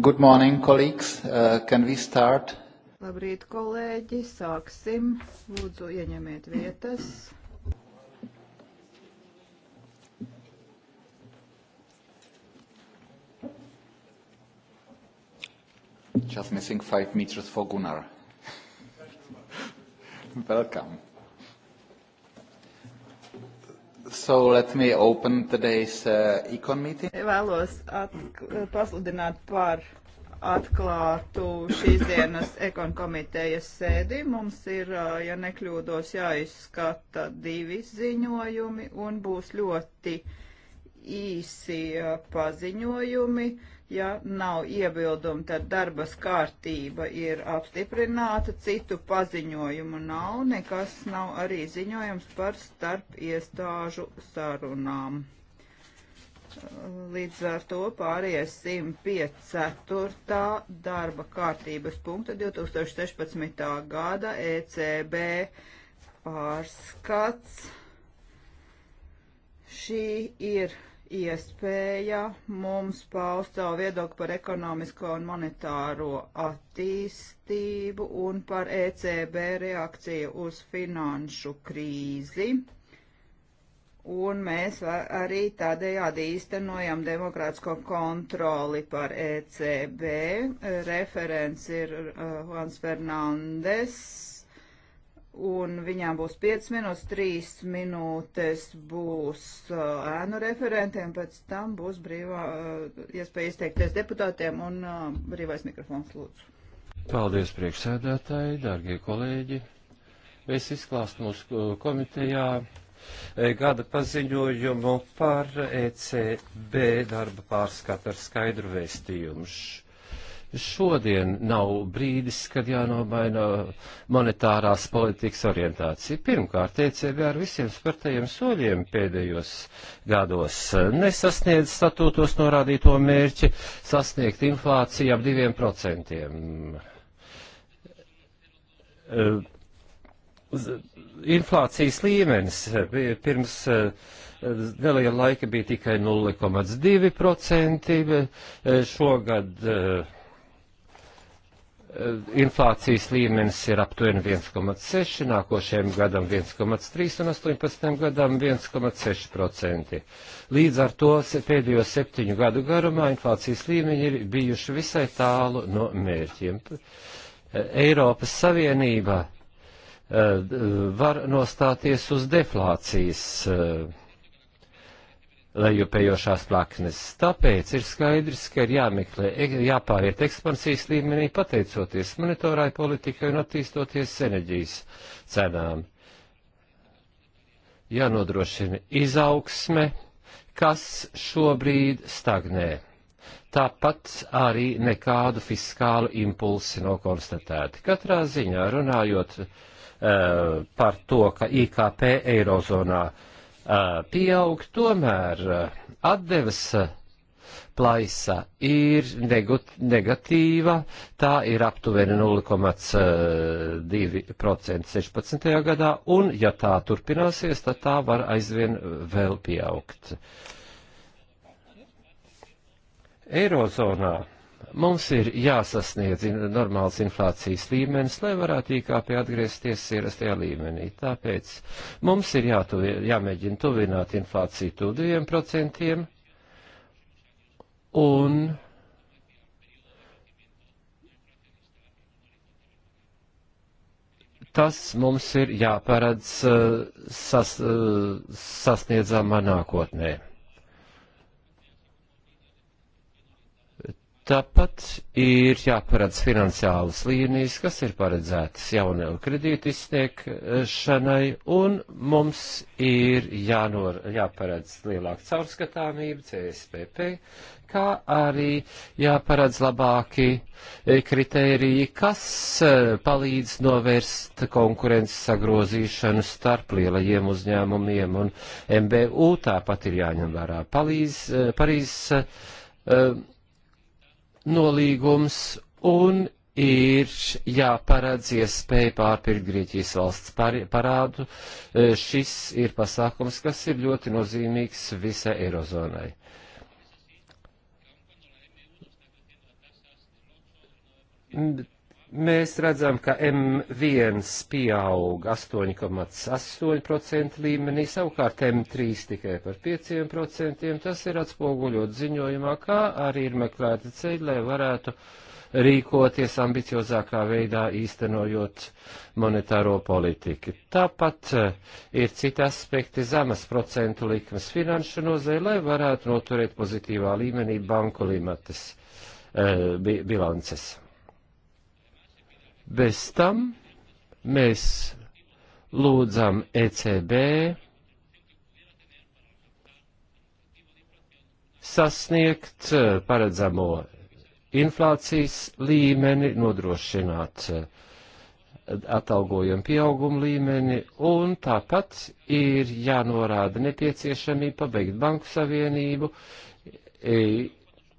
Good morning, colleagues. Uh, can we start? Labrīt, kolēģi. Sāksim. Lūdzu, ieņemiet vietas. Just missing five meters for Gunnar. Welcome. So let me open today's uh, econ meeting. Vēlos pasludināt par atklātu šīs dienas ekon komitejas sēdi. Mums ir, uh, ja nekļūdos, jāizskata divi ziņojumi un būs ļoti īsi uh, paziņojumi. Ja nav iebildumi, tad darbas kārtība ir apstiprināta, citu paziņojumu nav, nekas nav arī ziņojums par starp iestāžu sarunām. Līdz ar to pāriesim pie 4. darba kārtības punkta 2016. gada ECB pārskats. Šī ir iespēja mums paust savu viedokli par ekonomisko un monetāro attīstību un par ECB reakciju uz finanšu krīzi. Un mēs arī tādējādi īstenojam demokrātisko kontroli par ECB. Referents ir uh, Juans Fernandes un viņām būs 5 minūtes, 3 minūtes būs uh, ēnu referentiem, pēc tam būs brīvā uh, iespēja izteikties deputātiem un uh, brīvais mikrofons lūdzu. Paldies priekšsēdētāji, dārgie kolēģi. Es izklāstu mūsu komitejā eh, gada paziņojumu par ECB darba pārskatu ar skaidru vēstījumu šodien nav brīdis, kad jānomaina monetārās politikas orientācija. Pirmkārt, ECB ar visiem spērtajiem soļiem pēdējos gados nesasniedz statūtos norādīto mērķi sasniegt inflāciju ap diviem procentiem. Eh, inflācijas līmenis eh, pirms eh, neliela laika bija tikai 0,2%, šogad Eh, inflācijas līmenis ir aptuveni 1,6, nākošajam gadam 1,3 un 18 gadam 1,6%. Līdz ar to pēdējo septiņu gadu garumā inflācijas līmeņi ir bijuši visai tālu no mērķiem. Eh, Eiropas Savienība eh, var nostāties uz deflācijas lejupējošās plaknes. Tāpēc ir skaidrs, ka ir jāmeklē, e, jāpāriet ekspansijas līmenī, pateicoties monitorai politikai un attīstoties enerģijas cenām. Jānodrošina izaugsme, kas šobrīd stagnē. Tāpat arī nekādu fiskālu impulsi nav konstatēti. Katrā ziņā runājot uh, par to, ka IKP Eirozonā uh, Eh, pieaug, tomēr eh, atdevas eh, plaisa ir negatīva, tā ir aptuveni 0,2% 16. gadā, un ja tā turpināsies, tad tā var aizvien vēl pieaugt. Eirozonā Mums ir jāsasniedz normāls inflācijas līmenis, lai varētu IKP atgriezties ierastajā līmenī. Tāpēc mums ir jātuvi, jāmēģina tuvināt inflāciju tu 2% un tas mums ir jāparedz eh, sas, eh, sasniedzamā nākotnē. Tāpat ir jāparedz finansiālas līnijas, kas ir paredzētas jaunai kredītu izsniegšanai, un mums ir jānor, jāparedz lielāka caurskatāmība CSPP, kā arī jāparedz labāki e, kritēriji, kas e, palīdz novērst konkurences sagrozīšanu starp lielajiem uzņēmumiem un MBU. Tāpat ir jāņem vērā e, Parīzes nolīgums un ir jāparedz iespēja pārpirkt Grieķijas valsts parādu. E, šis ir pasākums, kas ir ļoti nozīmīgs visai Eirozonai. Mēs redzam, ka M1 pieaug 8,8% līmenī, savukārt M3 tikai par 5%. Tas ir atspoguļot ziņojumā, kā arī ir meklēti ceļi, lai varētu rīkoties ambiciozākā veidā īstenojot monetāro politiku. Tāpat eh, ir citi aspekti zemes procentu likmes finanšu nozē, lai varētu noturēt pozitīvā līmenī banku limatas eh, bilances. Bez tam mēs lūdzam ECB sasniegt eh, paredzamo inflācijas līmeni, nodrošināt eh, atalgojumu pieaugumu līmeni, un tāpat ir jānorāda nepieciešamība pabeigt banku savienību, eh,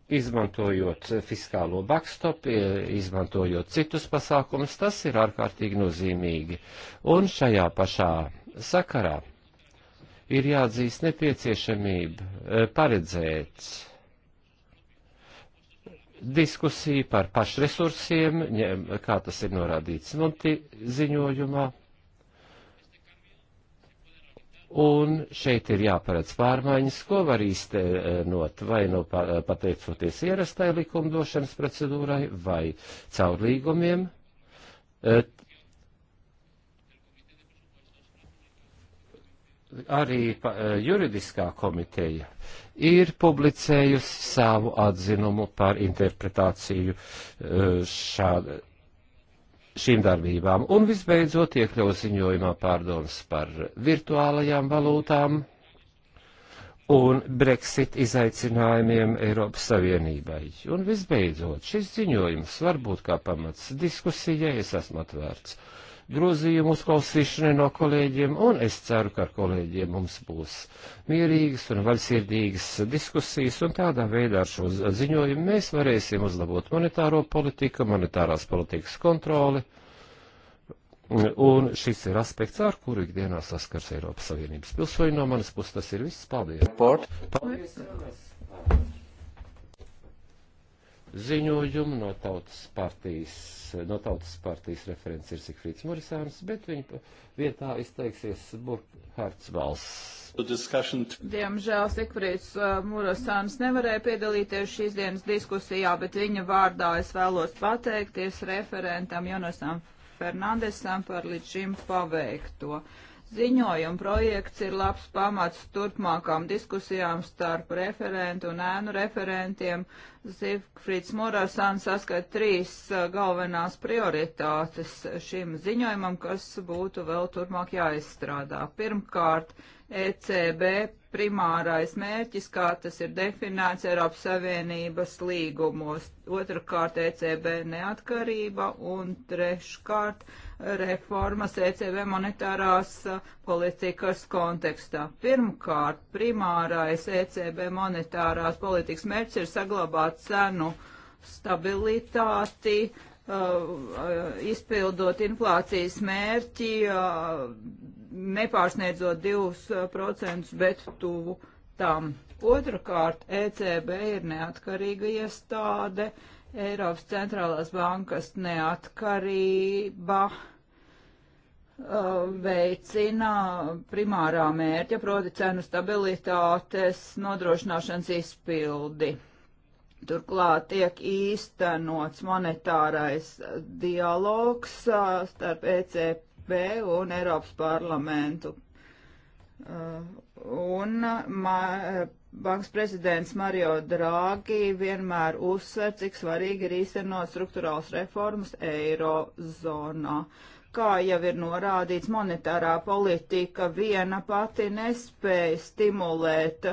izmantojot fiskālo backstop, izmantojot citus pasākumus, tas ir ārkārtīgi nozīmīgi. Un šajā pašā sakarā ir jāatzīst nepieciešamība e, paredzēt diskusiju par pašresursiem, kā tas ir norādīts Monti ziņojumā. Un šeit ir jāparedz pārmaiņas, ko var īstenot vai no nu pateicoties ierastai likumdošanas procedūrai vai caur līgumiem. Eh, arī eh, juridiskā komiteja ir publicējusi savu atzinumu par interpretāciju eh, šāda šīm darbībām. Un visbeidzot iekļaut ziņojumā pārdomas par virtuālajām valūtām un Brexit izaicinājumiem Eiropas Savienībai. Un visbeidzot, šis ziņojums var būt kā pamats diskusijai, es esmu atvērts grozījumu uzklausīšanai no kolēģiem, un es ceru, ka ar kolēģiem mums būs mierīgas un vaļsirdīgas diskusijas, un tādā veidā ar šo ziņojumu mēs varēsim uzlabot monetāro politiku, monetārās politikas kontroli, un šis ir aspekts, ar kuru ikdienā saskars Eiropas Savienības pilsoņi no manas puses. Tas ir viss. Paldies! Paldies. Paldies ziņojumu no tautas partijas, no tautas partijas referents ir Sikfrīds Morisāns, bet viņa vietā izteiksies Burkhards Valsts. Diemžēl Sikfrīds uh, Morisāns nevarēja piedalīties šīs dienas diskusijā, bet viņa vārdā es vēlos pateikties referentam Jonasam Fernandesam par līdz šim paveikto. Uh, Ziņojuma projekts ir labs pamats turpmākām diskusijām starp referentu un ēnu referentiem. Zifrits Morasans saskat trīs uh, galvenās prioritātes šim ziņojumam, kas būtu vēl turpmāk jāizstrādā. Pirmkārt, ECB primārais mērķis, kā tas ir definēts Eiropas Savienības līgumos. Otrakārt, ECB neatkarība un treškārt reformas ECB monetārās politikas kontekstā. Pirmkārt, primārais ECB monetārās politikas mērķis ir saglabāt cenu stabilitāti, Uh, izpildot inflācijas mērķi, uh, nepārsniedzot 2%, bet tuvu tam. Otrakārt, ECB ir neatkarīga iestāde, Eiropas centrālās bankas neatkarība uh, veicina primārā mērķa, proti cenu stabilitātes nodrošināšanas izpildi. Turklāt tiek īstenots monetārais dialogs uh, starp ECB un Eiropas parlamentu. Uh, un ma, Bankas prezidents Mario Draghi vienmēr uzsver, cik svarīgi ir īstenot struktūrāls reformas eirozonā. Kā jau ir norādīts, monetārā politika viena pati nespēja stimulēt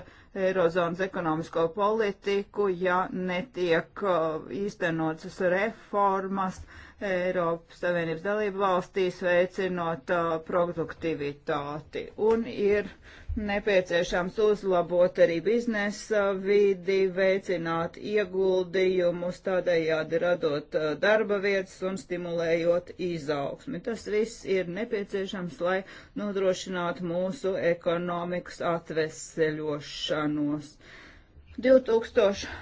eirozonas ekonomisko politiku, ja netiek uh, īstenotas reformas Eiropas Savienības dalību valstīs, veicinot uh, produktivitāti. Un ir uh, nepieciešams uzlabot arī biznesa vidi, veicināt ieguldījumus, tādējādi radot darba vietas un stimulējot izaugsmi. Tas viss ir nepieciešams, lai nodrošinātu mūsu ekonomikas atveseļošanos. 2015.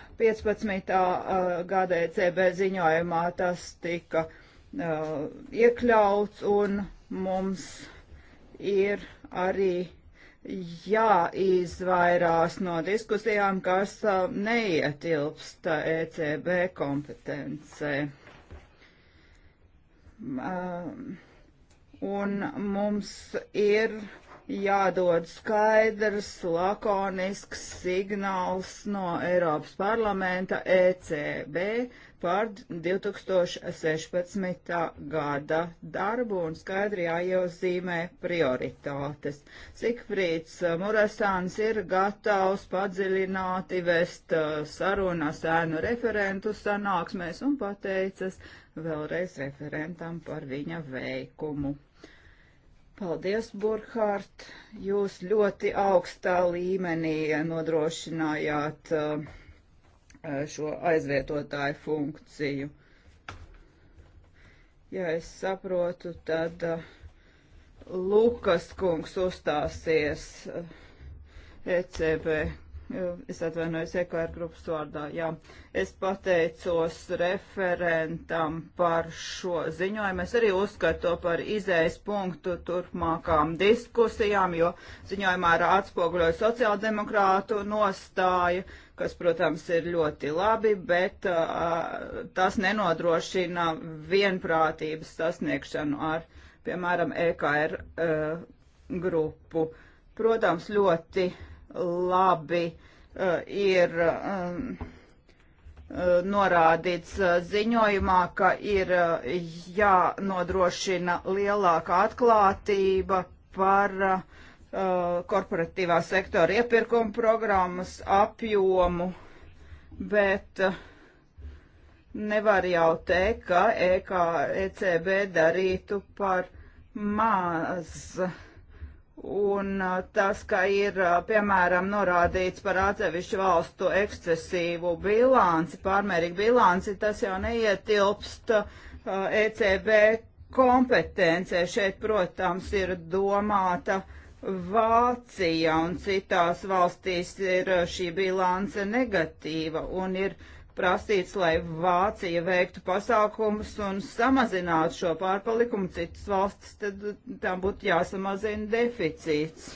gada ECB ziņojumā tas tika uh, iekļauts un mums ir arī jāizvairās no diskusijām, kas uh, neietilpst uh, ECB kompetencē. Um, un mums ir jādod skaidrs, lakonisks signāls no Eiropas parlamenta ECB par 2016. gada darbu un skaidri jāiezīmē prioritātes. Sikfrīds eh, Murasāns ir gatavs padziļināti vest eh, sarunas ēnu referentu sanāksmēs un pateicas vēlreiz referentam par viņa veikumu. Paldies, Burkhārt! Jūs ļoti augstā līmenī nodrošinājāt uh, šo aizvietotāju funkciju. Ja es saprotu, tad Lukas kungs uzstāsies ECB. Es atvainojos EKR grupas vārdā. Jā, es pateicos referentam par šo ziņojumu. Es arī uzskatu to par izējas punktu turpmākām diskusijām, jo ziņojumā ir atspoguļoja sociāldemokrātu nostāju kas, protams, ir ļoti labi, bet uh, tas nenodrošina vienprātības sasniegšanu ar, piemēram, EKR uh, grupu. Protams, ļoti labi uh, ir um, norādīts ziņojumā, ka ir jānodrošina lielāka atklātība par uh, Uh, korporatīvā sektora iepirkuma programmas apjomu, bet uh, nevar jau teikt, ka EKA, ECB darītu par maz. Un uh, tas, ka ir, piemēram, norādīts par atsevišķu valstu ekscesīvu bilanci, pārmērīgu bilanci, tas jau neietilpst uh, ECB kompetencē. Šeit, protams, ir domāta uh, Vācijā un citās valstīs ir eh, šī bilance negatīva un ir prasīts, lai Vācija veiktu pasākumus un samazinātu šo pārpalikumu. Citas valstis tad tam būtu jāsamazina deficīts.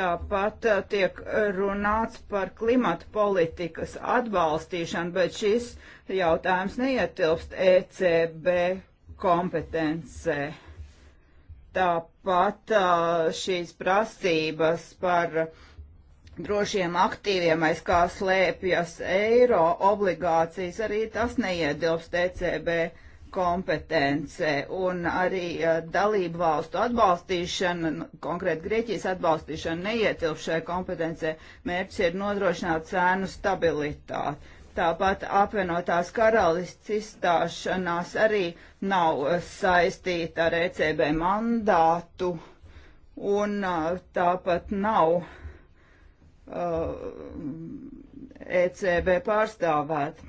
Tāpat eh, tiek runāts par klimatu politikas atbalstīšanu, bet šis jautājums neietilpst ECB kompetencē. Tāpat šīs prasības par drošiem aktīviem, aiz kā slēpjas eiro obligācijas, arī tas neietilpst ECB kompetence un arī dalību valstu atbalstīšana, nu, konkrēti Grieķijas atbalstīšana neietilpšai kompetencē. Mērķis ir nodrošināt cēnu stabilitāti. Tāpat apvienotās karalists izstāšanās arī nav eh, saistīta ar ECB mandātu un eh, tāpat nav uh, eh, ECB pārstāvēt.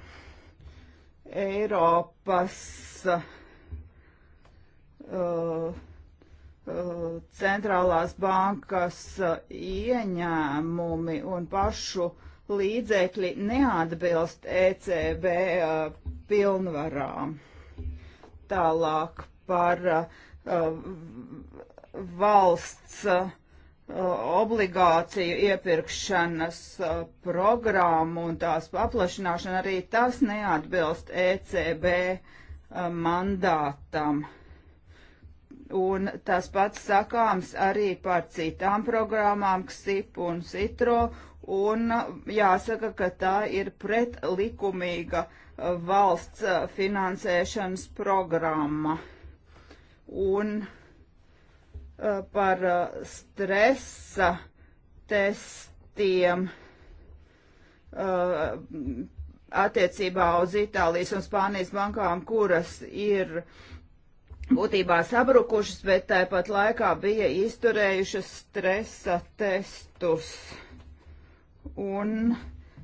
Eiropas uh, uh, centrālās bankas ieņēmumi un pašu uh, līdzekļi neatbilst ECB uh, pilnvarām. Tālāk par uh, valsts uh, obligāciju iepirkšanas uh, programmu un tās paplašināšanu arī tas neatbilst ECB uh, mandātam. Un tas pats sakāms arī par citām programmām, KSIP un CITRO, un uh, jāsaka, ka tā ir pretlikumīga uh, valsts uh, finansēšanas programma. Un par stresa testiem attiecībā uz Itālijas un Spānijas bankām, kuras ir būtībā sabrukušas, bet tāpat laikā bija izturējušas stresa testus. Uh, un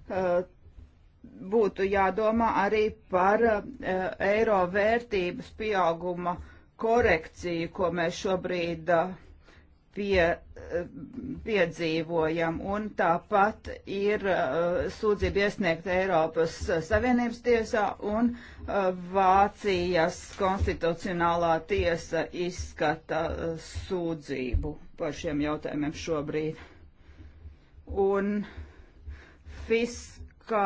uh, būtu jādomā arī par uh, eiro vērtības pieauguma korekciju, ko mēs šobrīd uh, pie, piedzīvojam. Un tāpat ir sūdzība iesniegta Eiropas Savienības tiesā un Vācijas konstitucionālā tiesa izskata sūdzību par šiem jautājumiem šobrīd. Un uh, fiskā,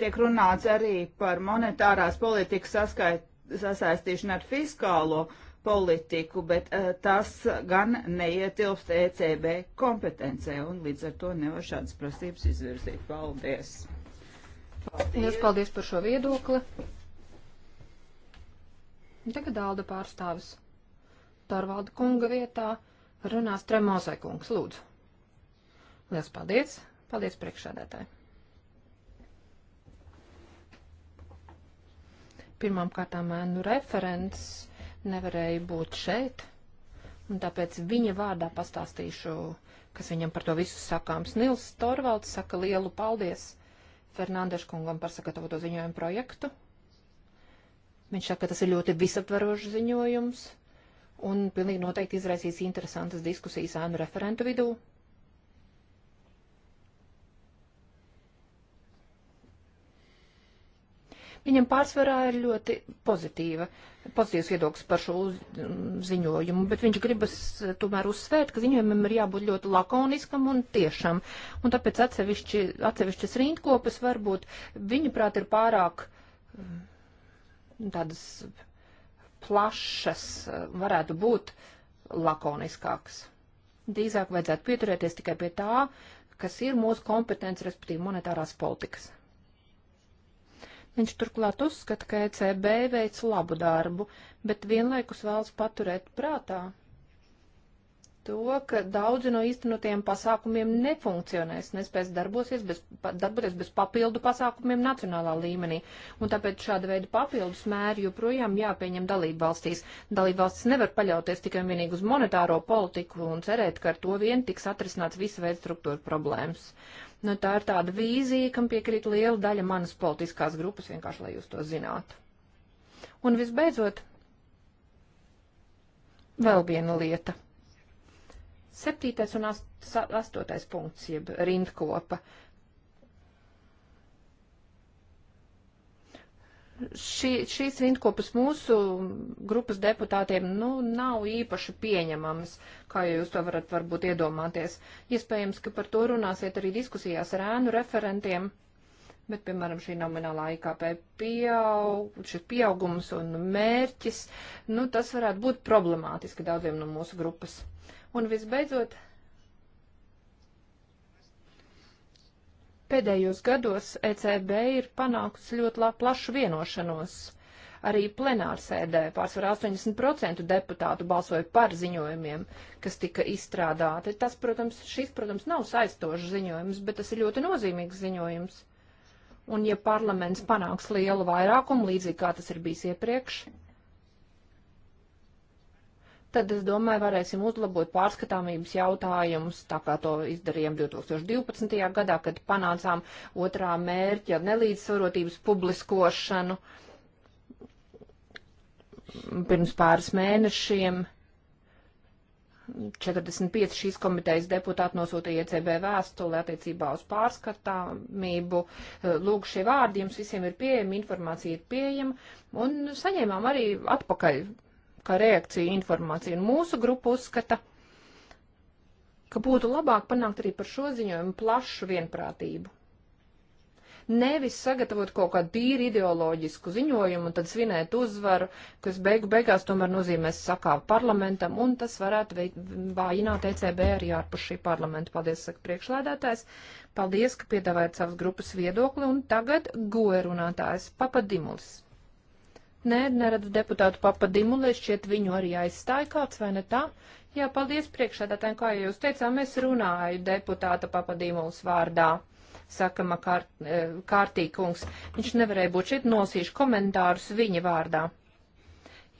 tiek runāts arī par monetārās politikas saskait, sasaistīšanu ar fiskālo politiku, bet uh, tas gan neietilpst ECB kompetencē un līdz ar to nevar šādas prasības izvirzīt. Paldies! Paldies, paldies par šo viedokli. Tagad Alda pārstāvis. Tarvalda kunga vietā runās Tremosai kungs. Lūdzu. Lielas paldies. Paldies priekšsēdētāji. Pirmām kārtām ēnu referents nevarēja būt šeit, un tāpēc viņa vārdā pastāstīšu, kas viņam par to visu sakāms. Nils Torvalds saka lielu paldies Fernandeškungam par sagatavoto ziņojumu projektu. Viņš saka, ka tas ir ļoti visaptverošs ziņojums un pilnīgi noteikti izraisīs interesantas diskusijas ēnu referentu vidū. Viņam pārsvarā ir ļoti pozitīva, pozitīvs viedoklis par šo uz, ziņojumu, bet viņš gribas eh, tomēr uzsvērt, ka ziņojumam ir jābūt ļoti lakoniskam un tiešam. Un tāpēc atsevišķi, atsevišķas rindkopas varbūt viņuprāt ir pārāk tādas plašas, eh, varētu būt lakoniskāks. Drīzāk vajadzētu pieturēties tikai pie tā, kas ir mūsu kompetence, respektīvi monetārās politikas. Viņš turklāt uzskata, ka ECB veic labu darbu, bet vienlaikus vēlas paturēt prātā to, ka daudzi no īstenotiem pasākumiem nefunkcionēs, nespēs darbosies bez, darboties bez papildu pasākumiem nacionālā līmenī. Un tāpēc šāda veida papildus mēri joprojām jāpieņem dalību valstīs. Dalību valstis nevar paļauties tikai un vienīgi uz monetāro politiku un cerēt, ka ar to vien tiks atrisināts visa veida struktūra problēmas. Nu, tā ir tāda vīzija, kam piekrīt liela daļa manas politiskās grupas, vienkārši lai jūs to zinātu. Un visbeidzot, vēl viena lieta. Septītais un ast, astotais punkts, jeb rindkopa. Uh, šī, šīs rindkopas mūsu grupas deputātiem nu, nav īpaši pieņemamas, kā jūs to varat varbūt iedomāties. Iespējams, ka par to runāsiet arī diskusijās ar ēnu referentiem, bet, piemēram, šī nominālā IKP pieaug, šis pieaugums un mērķis, nu, tas varētu būt problemātiski daudziem no mūsu grupas. Un visbeidzot, Pēdējos gados ECB ir panākusi ļoti plašu vienošanos. Arī plenārsēdē pārsvarā 80% deputātu balsoja par ziņojumiem, kas tika izstrādāti. Tas, protams, šis, protams, nav saistošs ziņojums, bet tas ir ļoti nozīmīgs ziņojums. Un ja parlaments panāks lielu vairākumu, līdzīgi kā tas ir bijis iepriekš, tad es domāju, varēsim uzlabot pārskatāmības jautājumus, tā kā to izdarījām 2012. gadā, kad panācām otrā mērķa nelīdzsvarotības publiskošanu pirms pāris mēnešiem. 45 šīs komitejas deputāti nosūtīja ECB vēstuli attiecībā uz pārskatāmību. Lūk, šie vārdi jums visiem ir pieejami, informācija ir pieejama, un saņēmām arī atpakaļ kā reakcija informācija. Un mūsu grupa uzskata, ka būtu labāk panākt arī par šo ziņojumu plašu vienprātību. Nevis sagatavot kaut kādu tīri ideoloģisku ziņojumu un tad svinēt uzvaru, kas beigu beigās tomēr nozīmēs sakāvu parlamentam, un tas varētu vājināt ECB arī ārpus šī parlamenta. Paldies, saka priekšlēdētājs. Paldies, ka piedāvājat savas grupas viedokli, un tagad goerunātājs Papadimulis. Nē, neredz deputātu papadimu, lai šķiet viņu arī aizstāja kāds, vai ne tā? Jā, paldies priekšādātājiem, kā jūs teicām, es runāju deputāta papadīmuls vārdā, saka Makārtīkungs. Eh, Kārt, Viņš nevarēja būt šeit, nosīšu komentārus viņa vārdā.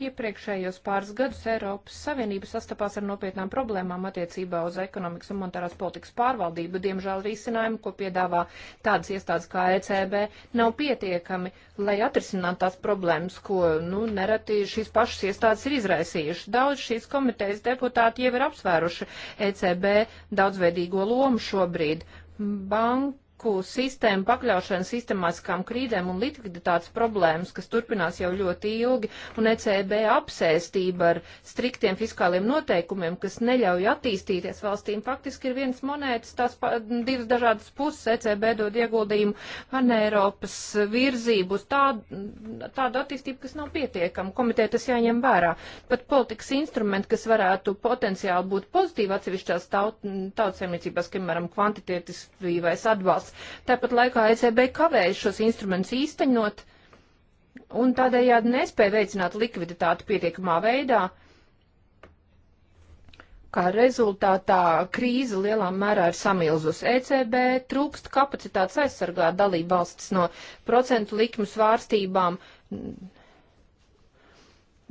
Iepriekšējos pāris gadus Eiropas Savienība sastapās ar nopietnām problēmām attiecībā uz ekonomikas un monetārās politikas pārvaldību. Diemžēl risinājumi, ko piedāvā tādas iestādes kā ECB, nav pietiekami, lai atrisinātu tās problēmas, ko nu, nereti šīs pašas iestādes ir izraisījušas. Daudz šīs komitejas deputāti jau ir apsvēruši ECB daudzveidīgo lomu šobrīd. Bank, banku sistēmu pakļaušana sistemātiskām krīdēm un likviditātes problēmas, kas turpinās jau ļoti ilgi, un ECB apsēstība ar striktiem fiskāliem noteikumiem, kas neļauj attīstīties valstīm, faktiski ir viens monētas, tās pa, divas dažādas puses ECB dod ieguldījumu paneiropas virzību uz tādu, tādu attīstību, kas nav pietiekama. Komiteja tas jāņem vērā. Pat politikas instrumenti, kas varētu potenciāli būt pozitīvi atsevišķās taut, tautsēmniecībās, piemēram, kvantitatīvais atbalsts, paredzēts. Tāpat laikā ECB kavēja šos instrumentus īstenot un tādējādi nespēja veicināt likviditāti pietiekamā veidā. Kā rezultātā krīze lielā mērā ir samilzus. ECB trūkst kapacitātes aizsargāt dalību valstis no procentu likmu svārstībām,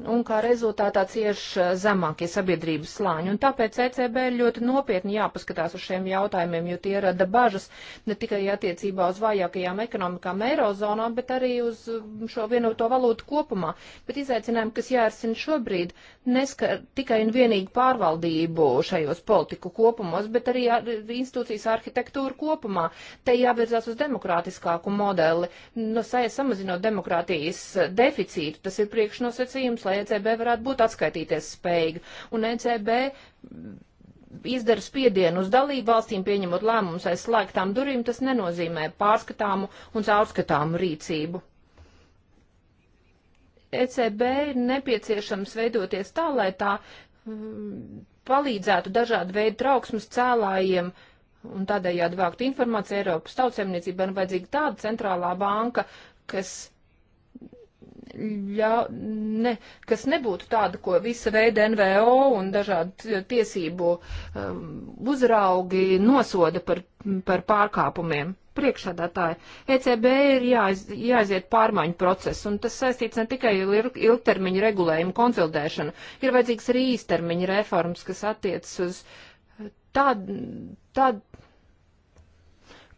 un kā rezultātā cieš eh, zemākie sabiedrības slāņi. Un tāpēc ECB ļoti nopietni jāpaskatās uz šiem jautājumiem, jo tie rada bažas ne tikai attiecībā uz vājākajām ekonomikām Eirozonā, bet arī uz mm, šo vienoto valūtu kopumā. Bet izaicinājumi, kas jārisina šobrīd, neskar tikai un vienīgi pārvaldību šajos politiku kopumos, bet arī ar, institūcijas arhitektūru kopumā. Te jāvirzās uz demokrātiskāku modeli, no nu, saja samazinot demokrātijas deficītu. Tas ir priekšnosacījums prasības, lai ECB varētu būt atskaitīties spējīga. Un ECB izdara spiedienu uz dalību valstīm, pieņemot lēmumus aiz slēgtām durvīm, tas nenozīmē pārskatāmu un caurskatāmu rīcību. ECB ir nepieciešams veidoties tā, lai tā mm, palīdzētu dažādu veidu trauksmes cēlājiem un tādējādi vākt informāciju Eiropas tautsēmniecībai, ir vajadzīga tāda centrālā banka, kas ļa, ne, kas nebūtu tāda, ko visa veida NVO un dažādi tiesību um, uzraugi nosoda par, par pārkāpumiem. Priekšādātāji, ECB ir jāiz, jāiziet pārmaiņu procesu, un tas saistīts ne tikai ar ilgtermiņa regulējumu konsolidēšanu, ir vajadzīgs arī īstermiņa reformas, kas attiecas uz tād, tād,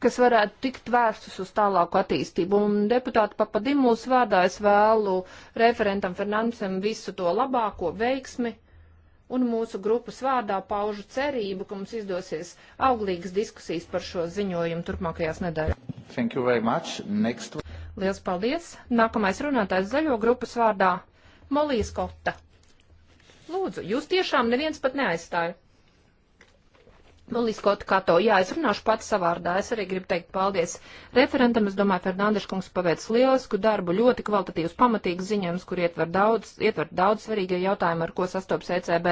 kas varētu tikt vērstas uz tālāku attīstību. Un deputāti papadimuls vārdā es vēlu referentam Fernandesam visu to labāko veiksmi. Un mūsu grupas vārdā paužu cerību, ka mums izdosies auglīgas diskusijas par šo ziņojumu turpmākajās nedēļās. Thank you very much. Next. Liels paldies. Nākamais runātājs zaļo grupas vārdā Molijas Kota. Lūdzu, jūs tiešām neviens pat neaizstāja. Nu, Liskot Kato, jā, es runāšu pats savārdā. Es arī gribu teikt paldies referentam. Es domāju, Fernandeša kungs paveic lielisku darbu, ļoti kvalitatīvs, pamatīgs ziņojums, kur ietver daudz, ietver daudz svarīgie jautājumi, ar ko sastopas ECB.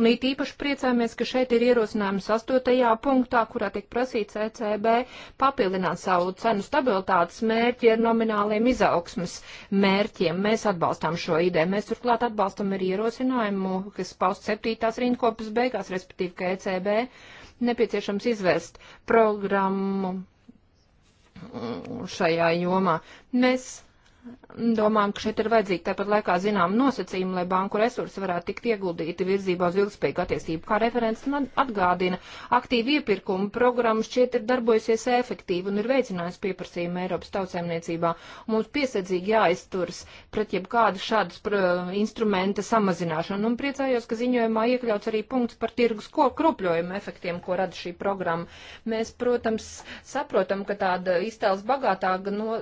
Un it īpaši priecājamies, ka šeit ir ierosinājums astotajā punktā, kurā tiek prasīts ECB papildināt savu cenu stabilitātes mērķi ar nomināliem izaugsmas mērķiem. Mēs atbalstām šo ideju. Mēs turklāt atbalstam arī ierosinājumu, kas paust septītās rindkopas beigās, respektīvi, ka ECB nepieciešams izvērst programmu šajā jomā. Mēs Domājam, ka šeit ir vajadzīgi tāpat laikā zinām nosacījumi, lai banku resursi varētu tikt ieguldīti virzībā uz ilgspējīgu attīstību. Kā referents atgādina, aktīvi iepirkuma programma šķiet ir darbojusies efektīvi un ir veicinājusi pieprasījumu Eiropas tautsēmniecībā. Mums piesardzīgi jāizturas pret jebkādu šādus instrumenta samazināšanu un priecājos, ka ziņojumā iekļauts arī punkts par tirgus kropļojumu efektiem, ko rada šī programma. Mēs, protams, saprotam, ka tāda iztēles bagātāka no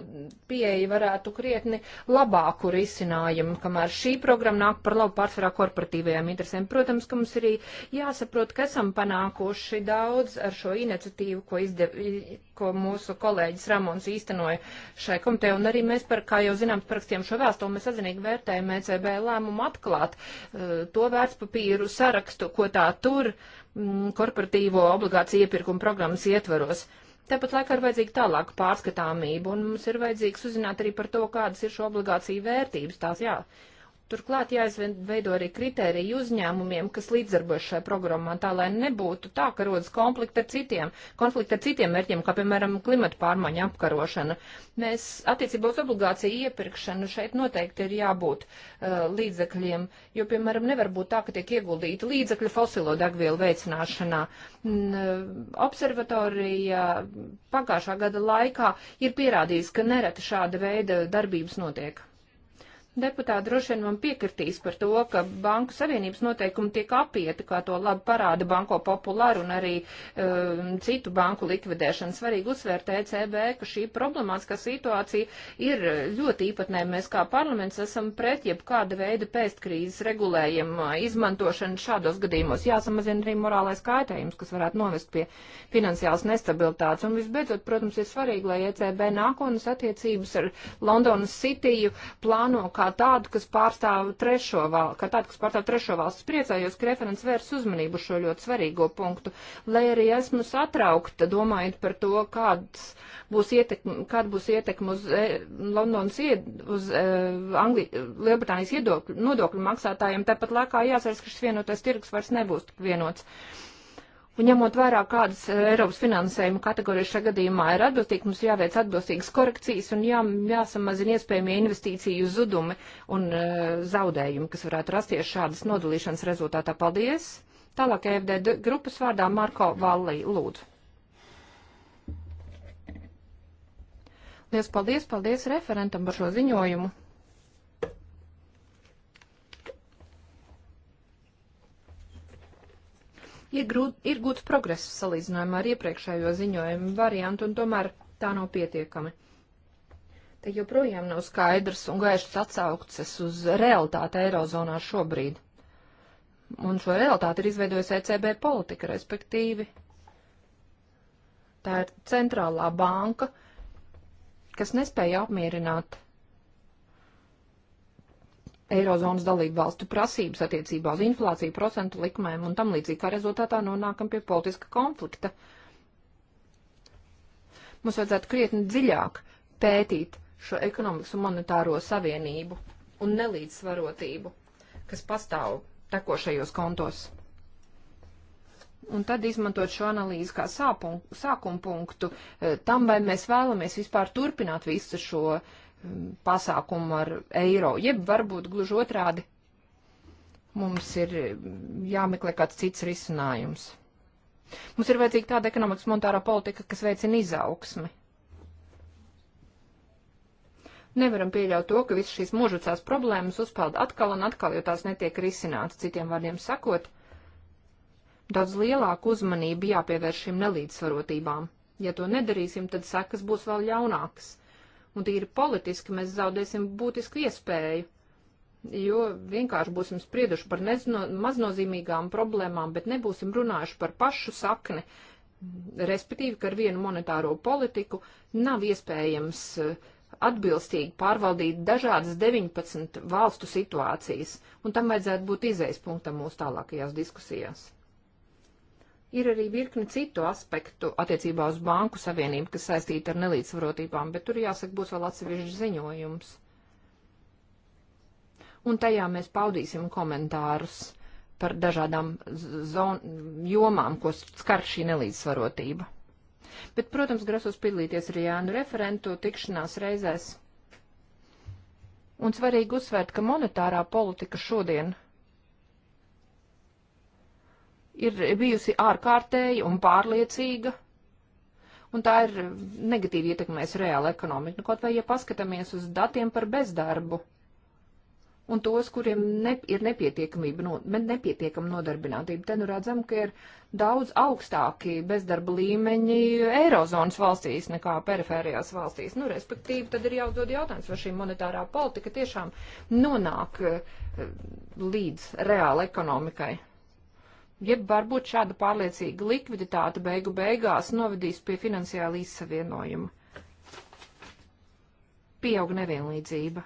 pieeja varētu krietni krietni labāku risinājumu, kamēr šī programma nāk par labu pārsvarā korporatīvajām interesēm. Protams, ka mums arī jāsaprot, ka esam panākuši daudz ar šo iniciatīvu, ko, izdev, ko mūsu kolēģis Ramons īstenoja šai komitē, un arī mēs, par, kā jau zinām, parakstiem šo vēstuli, mēs atzinīgi vērtējam ECB lēmumu atklāt uh, to vērtspapīru sarakstu, ko tā tur mm, korporatīvo obligāciju iepirkuma programmas ietvaros. Tāpat laikā ir vajadzīga tālāka pārskatāmība, un mums ir vajadzīgs uzzināt arī par to, kādas ir šo obligāciju vērtības. Tās jā, Turklāt jāizveido arī kritērija uzņēmumiem, kas līdzdarbojas šai programmā, tā lai nebūtu tā, ka rodas konflikti ar citiem, konflikti ar citiem mērķiem, kā piemēram klimata pārmaiņa apkarošana. Mēs attiecībā uz obligāciju iepirkšanu šeit noteikti ir jābūt uh, līdzekļiem, jo, piemēram, nevar būt tā, ka tiek ieguldīti līdzekļi fosilo degvielu veicināšanā. Mm, observatorija pagājušā gada laikā ir pierādījis, ka nereti šāda veida darbības notiek deputāti droši vien man piekritīs par to, ka Banku Savienības noteikumi tiek apieti, kā to labi parāda Banko Populāru un arī um, citu banku likvidēšana. Svarīgi uzsvērt ECB, ka šī problemātiskā situācija ir ļoti īpatnē. Mēs kā parlaments esam pret jebkāda veida pēstkrīzes regulējumu izmantošanu šādos gadījumos. Jāsamazina arī morālais kaitējums, kas varētu novest pie finansiālas nestabilitātes. Un visbeidzot, protams, ir svarīgi, lai ECB nākotnes attiecības ar Londonas Cityju plāno kā kā tādu, kas pārstāv trešo, val, kā tādu, kas pārstāv trešo valsts. Priecājos, ka referents vērs uzmanību šo ļoti svarīgo punktu, lai arī esmu satraukta, domājot par to, kāds būs ietekme, kāda būs ietekme uz e, Londonas, ied, uz e, Angli, Lielbritānijas iedokļu, nodokļu maksātājiem. Tāpat laikā jāsaka, ka šis vienotais tirgus vairs nebūs tik vienots. Uh, Un ņemot vērā, kādas eh, Eiropas finansējuma kategorijas šajā gadījumā ir atbilstīgi, mums jāveic atbilstīgas korekcijas un jā, jāsamazina iespējamie investīciju zudumi un uh, zaudējumi, kas varētu rasties šādas nodalīšanas rezultātā. Paldies! Tālāk EFD grupas vārdā Marko Vallī lūdzu. Liels paldies, paldies referentam par šo ziņojumu. ir, grūt, ir gūts progress salīdzinājumā ar iepriekšējo ziņojumu variantu, un tomēr tā nav pietiekami. Te joprojām nav skaidrs un gaišs atsauces uz realitāti Eirozonā šobrīd. Un šo realitāti ir izveidojusi ECB politika, respektīvi tā ir centrālā banka, kas nespēja apmierināt Eirozonas dalību valstu prasības attiecībā uz inflāciju, procentu likmēm un tam līdzīgi, kā rezultātā nonākam pie politiska konflikta. Mums vajadzētu krietni dziļāk pētīt šo ekonomikas un monetāro savienību un nelīdzsvarotību, kas pastāv tekošajos kontos. Un tad izmantot šo analīzi kā sāpun, sākuma punktu eh, tam, vai mēs vēlamies vispār turpināt visu šo uh, pasākumu ar eiro, jeb varbūt gluži otrādi mums ir jāmeklē kāds cits risinājums. Mums ir vajadzīga tāda ekonomikas monetārā politika, kas veicina izaugsmi. Nevaram pieļaut to, ka visas šīs mūžucās problēmas uzpeld atkal un atkal, jo tās netiek risinātas, citiem vārdiem sakot. Daudz lielāku uzmanību jāpievērš šīm nelīdzsvarotībām. Ja to nedarīsim, tad sekas būs vēl ļaunākas un tīri politiski mēs zaudēsim būtisku iespēju, jo vienkārši būsim sprieduši par nezno, maznozīmīgām problēmām, bet nebūsim runājuši par pašu sakni, respektīvi, ka ar vienu monetāro politiku nav iespējams eh, atbilstīgi pārvaldīt dažādas 19 valstu situācijas, un tam vajadzētu būt izējas punktam mūsu tālākajās diskusijās. Ir arī virkni citu aspektu attiecībā uz banku savienību, kas saistīta ar nelīdzsvarotībām, bet tur jāsaka būs vēl atsevišķi ziņojums. Un tajā mēs paudīsim komentārus par dažādām zon, jomām, ko skar šī nelīdzsvarotība. Bet, protams, grasos piedalīties arī Jānu referentu tikšanās reizēs. Un svarīgi uzsvērt, ka monetārā politika šodien – ir bijusi ārkārtēja un pārliecīga, un tā ir negatīvi ietekmējusi reāla ekonomika. Nu, kaut vai, ja paskatāmies uz datiem par bezdarbu un tos, kuriem ne, ir nepietiekamība, no, nepietiekama nodarbinātība, te nu redzam, ka ir daudz augstāki bezdarba līmeņi Eirozonas valstīs nekā perifērijās valstīs. Nu, respektīvi, tad ir jāuzdod jautājums, vai šī monetārā politika tiešām nonāk eh, līdz reāla ekonomikai jeb varbūt šāda pārliecīga likviditāte beigu beigās novedīs pie finansiāla izsavienojuma. Pieaug nevienlīdzība.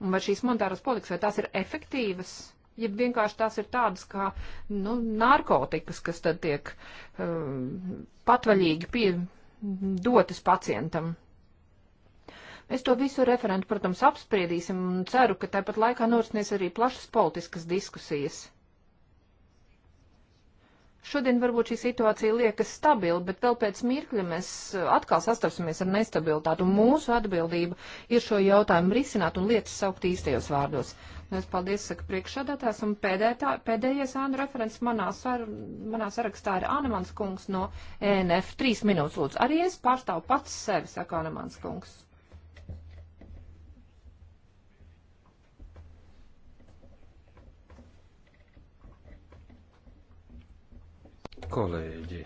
Un vai šīs monetāras politikas, vai tās ir efektīvas, jeb vienkārši tās ir tādas kā nu, narkotikas, kas tad tiek um, patvaļīgi pie, dotas pacientam. Es to visu referentu, protams, apspriedīsim un ceru, ka tāpat laikā norisinies arī plašas politiskas diskusijas. Šodien varbūt šī situācija liekas stabila, bet vēl pēc mirkļa mēs eh, atkal sastapsimies ar nestabilitāti, un mūsu atbildība ir šo jautājumu risināt un lietas saukt īstajos vārdos. Es paldies, saka priekšsādātājs, un pēdējā, pēdējais ānu referents manā, sar, manā sarakstā ir Anemans kungs no ENF. Trīs minūtes lūdzu. Arī es pārstāvu pats sevi, saka Anemans kungs. kolēģi,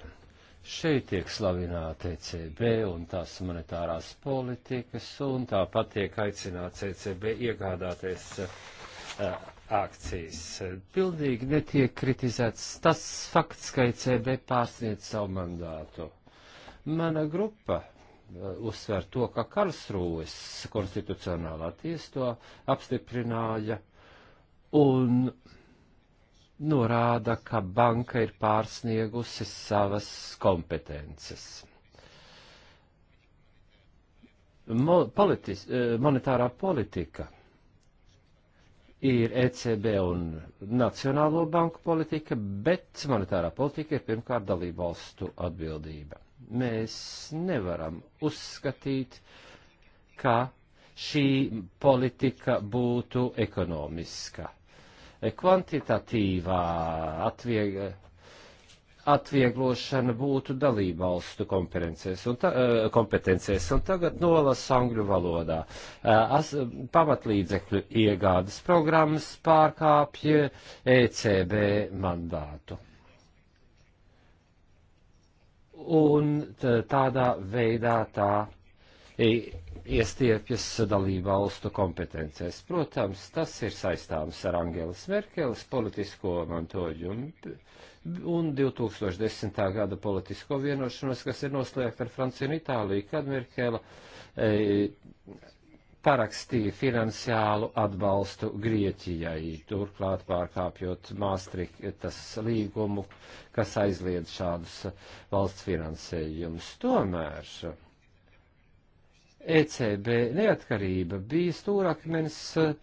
šeit tiek slavināta ECB un tās monetārās politikas, un tāpat tiek aicināts ECB iegādāties uh, akcijas. Pilnīgi netiek kritizēts tas fakts, ka ECB pārsniedz savu mandātu. Mana grupa uzsver to, ka Karlsrūves konstitucionālā tiesa to apstiprināja, un norāda, ka banka ir pārsniegusi savas kompetences. Mo, politis, e, monetārā politika ir ECB un Nacionālo banku politika, bet monetārā politika ir pirmkārt dalību valstu atbildība. Mēs nevaram uzskatīt, ka šī politika būtu ekonomiska kvantitatīvā atvieg, atvieglošana būtu dalībvalstu kompetencēs un, ta, eh, kompetencēs, un tagad nolas angļu valodā. Eh, as, pamatlīdzekļu iegādes programmas pārkāpja ECB mandātu un tādā veidā tā iestiepjas dalību valstu kompetencēs. Protams, tas ir saistāms ar Angelas Merkeles politisko mantojumu un 2010. gada politisko vienošanos, kas ir noslēgta ar Franciju un Itāliju, kad Merkela e, parakstīja finansiālu atbalstu Grieķijai, turklāt pārkāpjot Māstriktas līgumu, kas aizliedz šādus valsts finansējumus. Tomēr ECB neatkarība bija stūrakmens eh,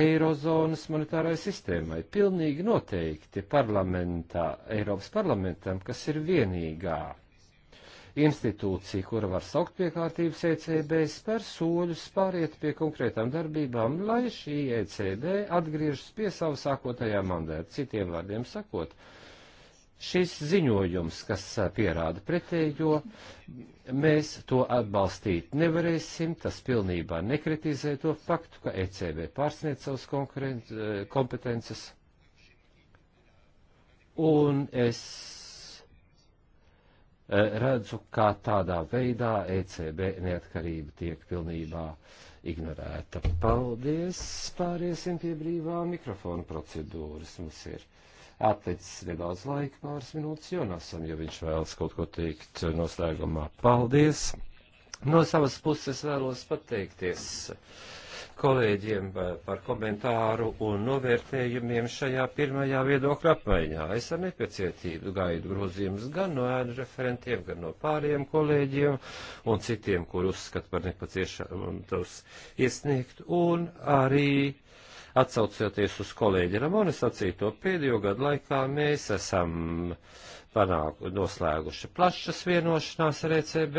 Eirozonas monetārai sistēmai. Pilnīgi noteikti parlamentā, Eiropas parlamentam, kas ir vienīgā institūcija, kura var saukt pie kārtības ECB, spēr soļus pāriet pie konkrētām darbībām, lai šī ECB atgriežas pie savu sākotnējā mandēta. Citiem vārdiem sakot, uh, šis ziņojums, kas pierāda pretējo, mēs to atbalstīt nevarēsim, tas pilnībā nekritizē to faktu, ka ECB pārsniedz savas kompetences. Un es redzu, kā tādā veidā ECB neatkarība tiek pilnībā ignorēta. Paldies! Pāriesim pie brīvā mikrofona procedūras. Mums ir Atlicis nedaudz laika, pāris minūtes Jonasam, ja viņš vēlas kaut ko teikt noslēgumā. Paldies! No savas puses vēlos pateikties kolēģiem par komentāru un novērtējumiem šajā pirmajā viedokļa apmaiņā. Es ar nepacietību gaidu grozījumus gan no ēnu referentiem, gan no pāriem kolēģiem un citiem, kur uzskat par nepaciešamam tos iesniegt, un arī Atsaucoties uz kolēģi Ramona sacīto pēdējo gadu laikā, mēs esam panāku, noslēguši plašas vienošanās ar ECB,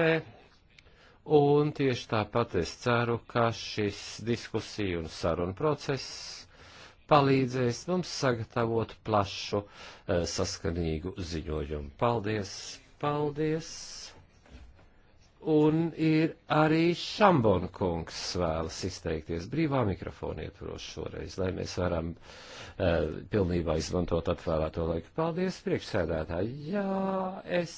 un tieši tāpat es ceru, ka šis diskusiju un sarunu process palīdzēs mums sagatavot plašu, e, saskanīgu ziņojumu. Paldies! Paldies! Un ir arī Šambona kungs vēlas izteikties brīvā mikrofona ietvaros šoreiz, lai mēs varam uh, pilnībā izmantot atvēlēto laiku. Paldies, priekšsēdētāji. Jā, es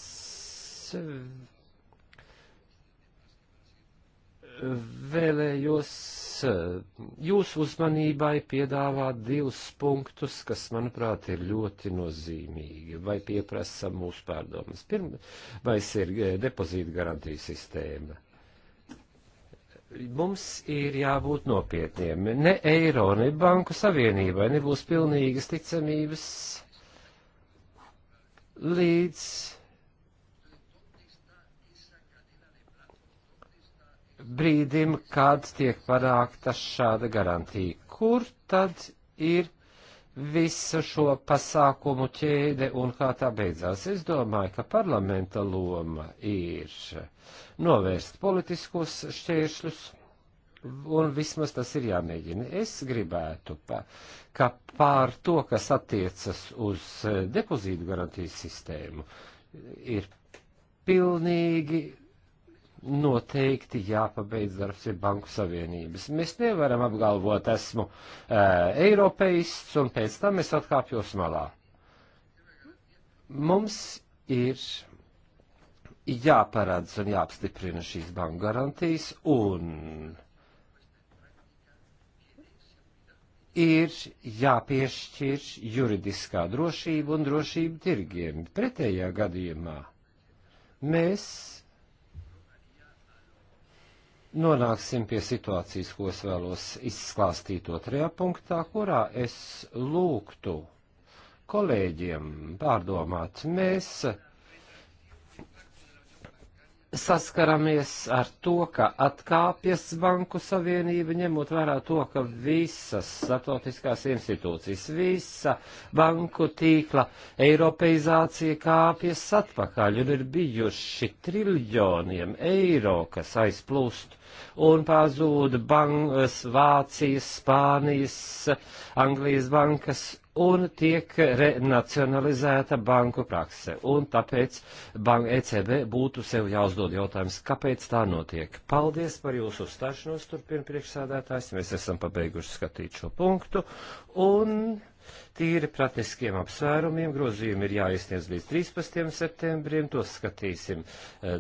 vēlējos eh, jūsu uzmanībai piedāvāt divus punktus, kas, manuprāt, ir ļoti nozīmīgi vai pieprasa mūsu pārdomas. Pirmais ir eh, depozīta garantija sistēma. Mums ir jābūt nopietniem. Ne eiro, ne banku savienībai nebūs pilnīgas ticamības līdz brīdim, kad tiek panākta šāda garantija. Kur tad ir visu šo pasākumu ķēde un kā tā beidzās? Es domāju, ka parlamenta loma ir novērst politiskos šķēršļus. Un vismaz tas ir jāmēģina. Es gribētu, pa, ka pār to, kas attiecas uz depozītu garantijas sistēmu, ir pilnīgi noteikti jāpabeidz darbs pie Banku Savienības. Mēs nevaram apgalvot, esmu e, eiropeists un pēc tam es atkāpjos malā. Mums ir jāparādz un jāapstiprina šīs banku garantijas un ir jāpiešķir juridiskā drošība un drošība tirgiem. Pretējā gadījumā mēs nonāksim pie situācijas, ko es vēlos izklāstīt otrajā punktā, kurā es lūgtu kolēģiem pārdomāt. Mēs saskaramies ar to, ka atkāpjas Banku Savienība, ņemot vērā to, ka visas starptautiskās institūcijas, visa banku tīkla eiropeizācija kāpjas atpakaļ un ir bijuši triljoniem eiro, kas aizplūst un pazūd bankas, Vācijas, Spānijas, Anglijas bankas un tiek renacionalizēta banku prakse. Un tāpēc banka ECB būtu sev jāuzdod jautājums, kāpēc tā notiek. Paldies par jūsu uzstāšanos, turpina priekšsādātājs. Mēs esam pabeiguši skatīt šo punktu. Un tīri praktiskiem apsvērumiem. Grozījumi ir jāiesniedz līdz 13. septembrim, tos skatīsim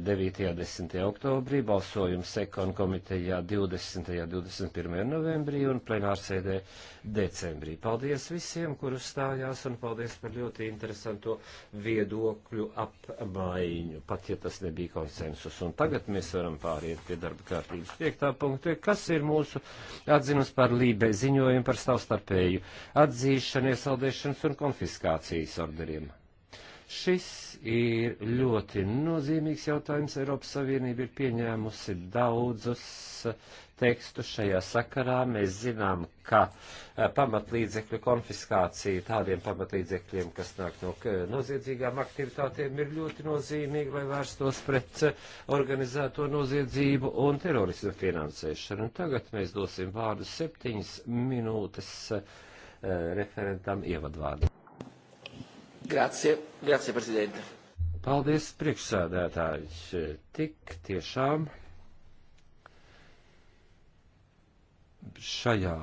9. un 10. oktobrī, balsojums Sekon komitejā 20. un 21. novembrī un plenārsēdē decembrī. Paldies visiem, kur uzstājās un paldies par ļoti interesanto viedokļu apmaiņu, pat ja tas nebija konsensus. Un tagad mēs varam pāriet pie darba kārtības 5. punktu, kas ir mūsu atzinums par lībe ziņojumu par savstarpēju atzīšanu. Es iesaldēšanas un konfiskācijas orderiem. Šis ir ļoti nozīmīgs jautājums. Eiropas Savienība ir pieņēmusi daudzus tekstu šajā sakarā. Mēs zinām, ka eh, pamatlīdzekļu konfiskācija tādiem pamatlīdzekļiem, kas nāk no eh, noziedzīgām aktivitātēm, ir ļoti nozīmīga, lai vērstos pret eh, organizēto noziedzību un terorismu finansēšanu. Un tagad mēs dosim vārdu septiņas minūtes Eh, referentam ievadvārdu. Grazie, grazie, prezidente. Paldies, priekšsādētāji. Tik tiešām šajā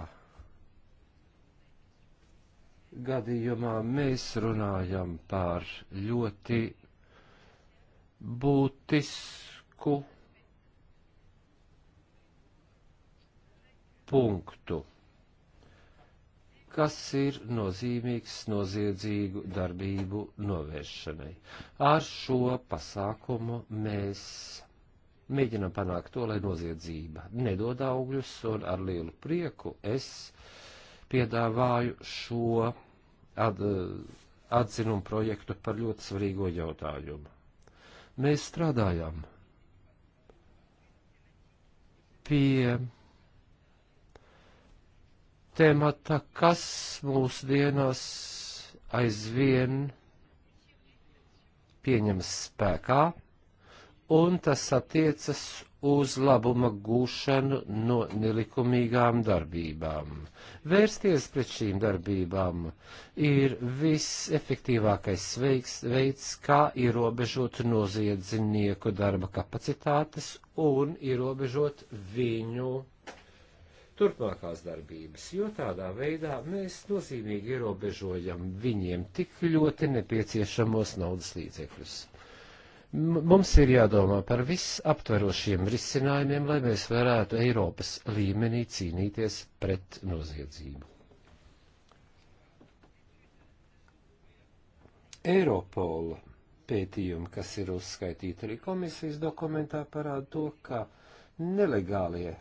gadījumā mēs runājam par ļoti būtisku punktu kas ir nozīmīgs noziedzīgu darbību novēršanai. Ar šo pasākumu mēs mēģinam panākt to, lai noziedzība nedod augļus, un ar lielu prieku es piedāvāju šo ad, atzinumu projektu par ļoti svarīgo jautājumu. Mēs strādājam pie temata, kas mūsdienās aizvien pieņems spēkā, un tas attiecas uz labuma gūšanu no nelikumīgām darbībām. Vērsties pret šīm darbībām ir visefektīvākais veiks, veids, kā ierobežot noziedznieku darba kapacitātes un ierobežot viņu turpmākās darbības, jo tādā veidā mēs nozīmīgi ierobežojam viņiem tik ļoti nepieciešamos naudas līdzekļus. Mums ir jādomā par visaptverošiem risinājumiem, lai mēs varētu Eiropas līmenī cīnīties pret noziedzību. Eiropola pētījumi, kas ir uzskaitīti arī komisijas dokumentā, parāda to, ka nelegālie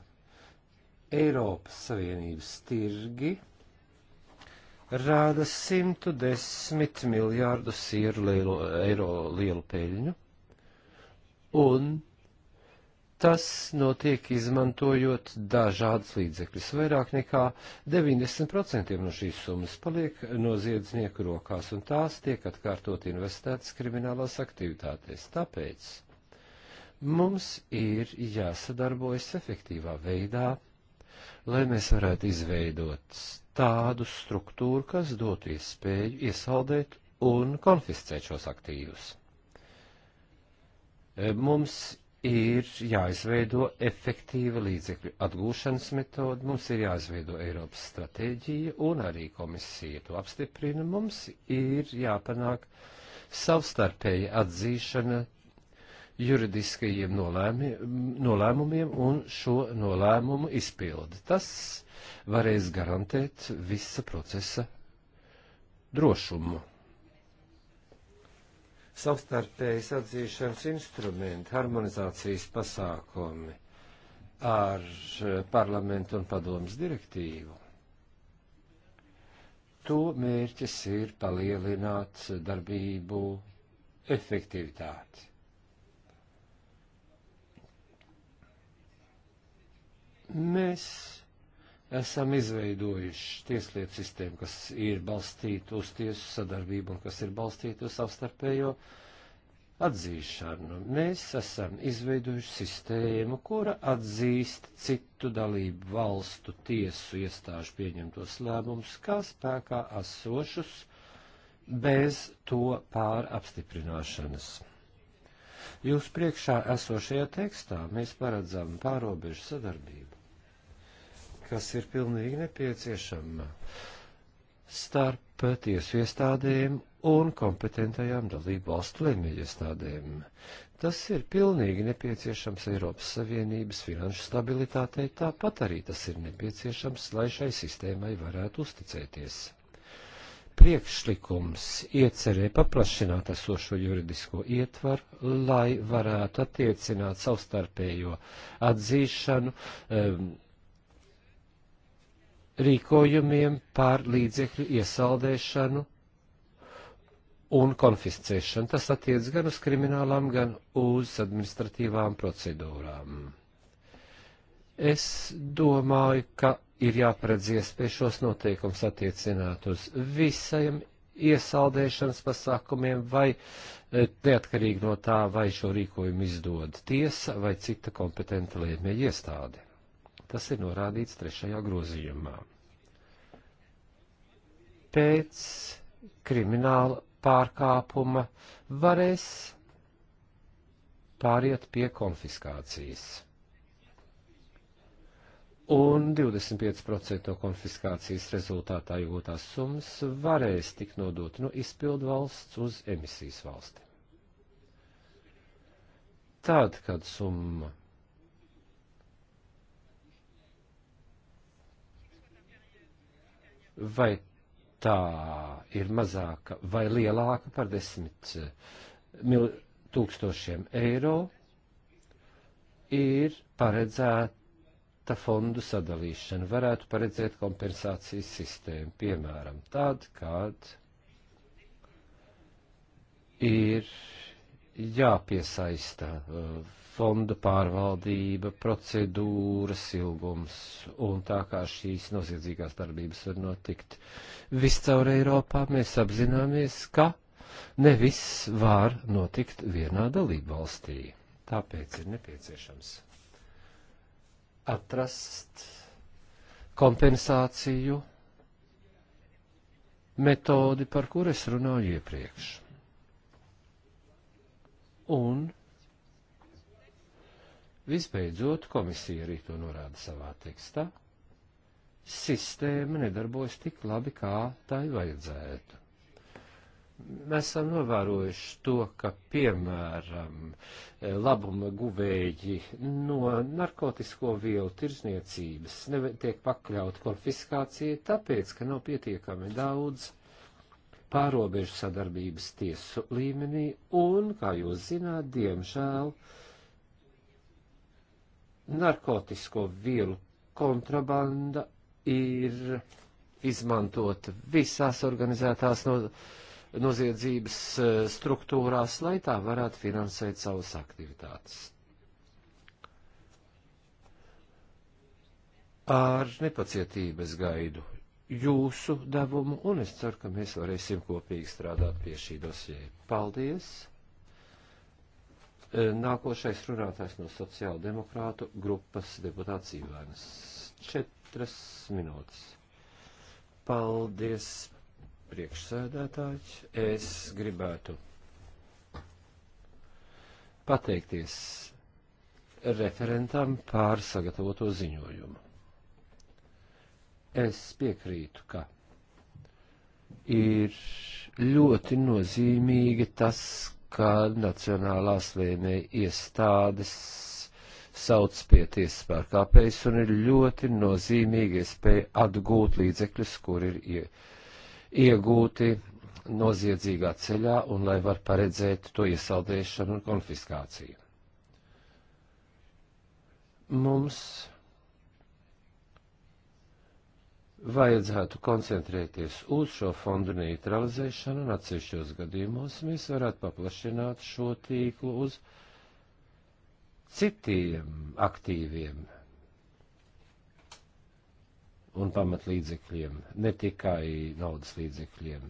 Eiropas Savienības tirgi rāda 110 miljārdus lielu, eiro lielu peļņu, un tas notiek izmantojot dažādas līdzekļus. Vairāk nekā 90% no šīs summas paliek no ziedznieku rokās, un tās tiek atkārtot investētas kriminālās aktivitātēs. Tāpēc mums ir jāsadarbojas efektīvā veidā lai mēs varētu izveidot tādu struktūru, kas dotu iespēju iesaldēt un konfiscēt šos aktīvus. E, mums ir jāizveido efektīva līdzekļu atgūšanas metode, mums ir jāizveido Eiropas stratēģija un arī komisija to apstiprina. Mums ir jāpanāk savstarpēja atzīšana juridiskajiem nolēmi, nolēmumiem un šo nolēmumu izpildi. Tas varēs garantēt visa procesa drošumu. Savstarpējas atzīšanas instrumenti, harmonizācijas pasākumi ar parlamentu un padomas direktīvu. To mērķis ir palielināt darbību efektivitāti Mēs esam izveidojuši tieslietu sistēmu, kas ir balstīta uz tiesu sadarbību un kas ir balstīta uz savstarpējo atzīšanu. Mēs esam izveidojuši sistēmu, kura atzīst citu dalību valstu tiesu iestāžu pieņemtos lēmumus, kā spēkā esošus bez to pārapstiprināšanas. Jūs priekšā esošajā tekstā mēs paredzam pārobežu sadarbību kas ir pilnīgi nepieciešama starp tiesu iestādēm un kompetentajām dalību valstu lēmēju iestādēm. Tas ir pilnīgi nepieciešams Eiropas Savienības finanšu stabilitātei, tāpat arī tas ir nepieciešams, lai šai sistēmai varētu uzticēties priekšlikums iecerē paplašināt esošo juridisko ietvaru, lai varētu attiecināt savstarpējo atzīšanu um, rīkojumiem pār līdzekļu iesaldēšanu un konfiscēšanu. Tas attiec gan uz kriminālām, gan uz administratīvām procedūrām. Es domāju, ka ir jāparedz iespēja šos noteikums attiecināt uz visiem iesaldēšanas pasākumiem vai e, neatkarīgi no tā, vai šo rīkojumu izdod tiesa vai cita kompetenta lietmēja iestāde. Tas ir norādīts trešajā grozījumā. Pēc krimināla pārkāpuma varēs pāriet pie konfiskācijas. Un 25% no konfiskācijas rezultātā iegūtās summas varēs tikt nodot no izpildu valsts uz emisijas valsti. Tad, kad summa vai tā ir mazāka vai lielāka par desmit eh, mil, tūkstošiem eiro, ir paredzēta fondu sadalīšana. Varētu paredzēt kompensācijas sistēmu, piemēram, tad, kad ir jāpiesaista uh, fonda pārvaldība, procedūras ilgums, un tā kā šīs noziedzīgās darbības var notikt viscaur Eiropā, mēs apzināmies, ka ne viss var notikt vienā dalību valstī. Tāpēc ir nepieciešams atrast kompensāciju metodi, par kur es runāju iepriekš. Un Visbeidzot, komisija arī to norāda savā tekstā, sistēma nedarbojas tik labi, kā tai vajadzētu. Mēs esam novērojuši to, ka, piemēram, labuma guvēji no narkotisko vielu tirzniecības netiek pakļauti konfiskācijai, tāpēc, ka nav pietiekami daudz pārobežu sadarbības tiesu līmenī, un, kā jūs zināt, diemžēl, uh, narkotisko vielu kontrabanda ir izmantot visās organizētās no, noziedzības e, struktūrās, lai tā varētu finansēt savas aktivitātes. Ar nepacietības gaidu jūsu devumu, un es ceru, ka mēs varēsim kopīgi strādāt pie šī dosie. Paldies! Eh, nākošais runātājs no sociāldemokrātu grupas deputāts Ivānis. Četras minūtes. Paldies, priekšsēdētāji. Es gribētu pateikties referentam pār sagatavoto ziņojumu. Es piekrītu, ka ir ļoti nozīmīgi tas, ka nacionālās lēmēja iestādes sauc pie tiesas pārkāpējs un ir ļoti nozīmīgi iespēja atgūt līdzekļus, kur ir ie, iegūti noziedzīgā ceļā un lai var paredzēt to iesaldēšanu un konfiskāciju. Mums vajadzētu koncentrēties uz šo fondu neutralizēšanu, un atsevišķos gadījumos mēs varētu paplašināt šo tīklu uz citiem aktīviem un pamatlīdzekļiem, ne tikai naudas līdzekļiem.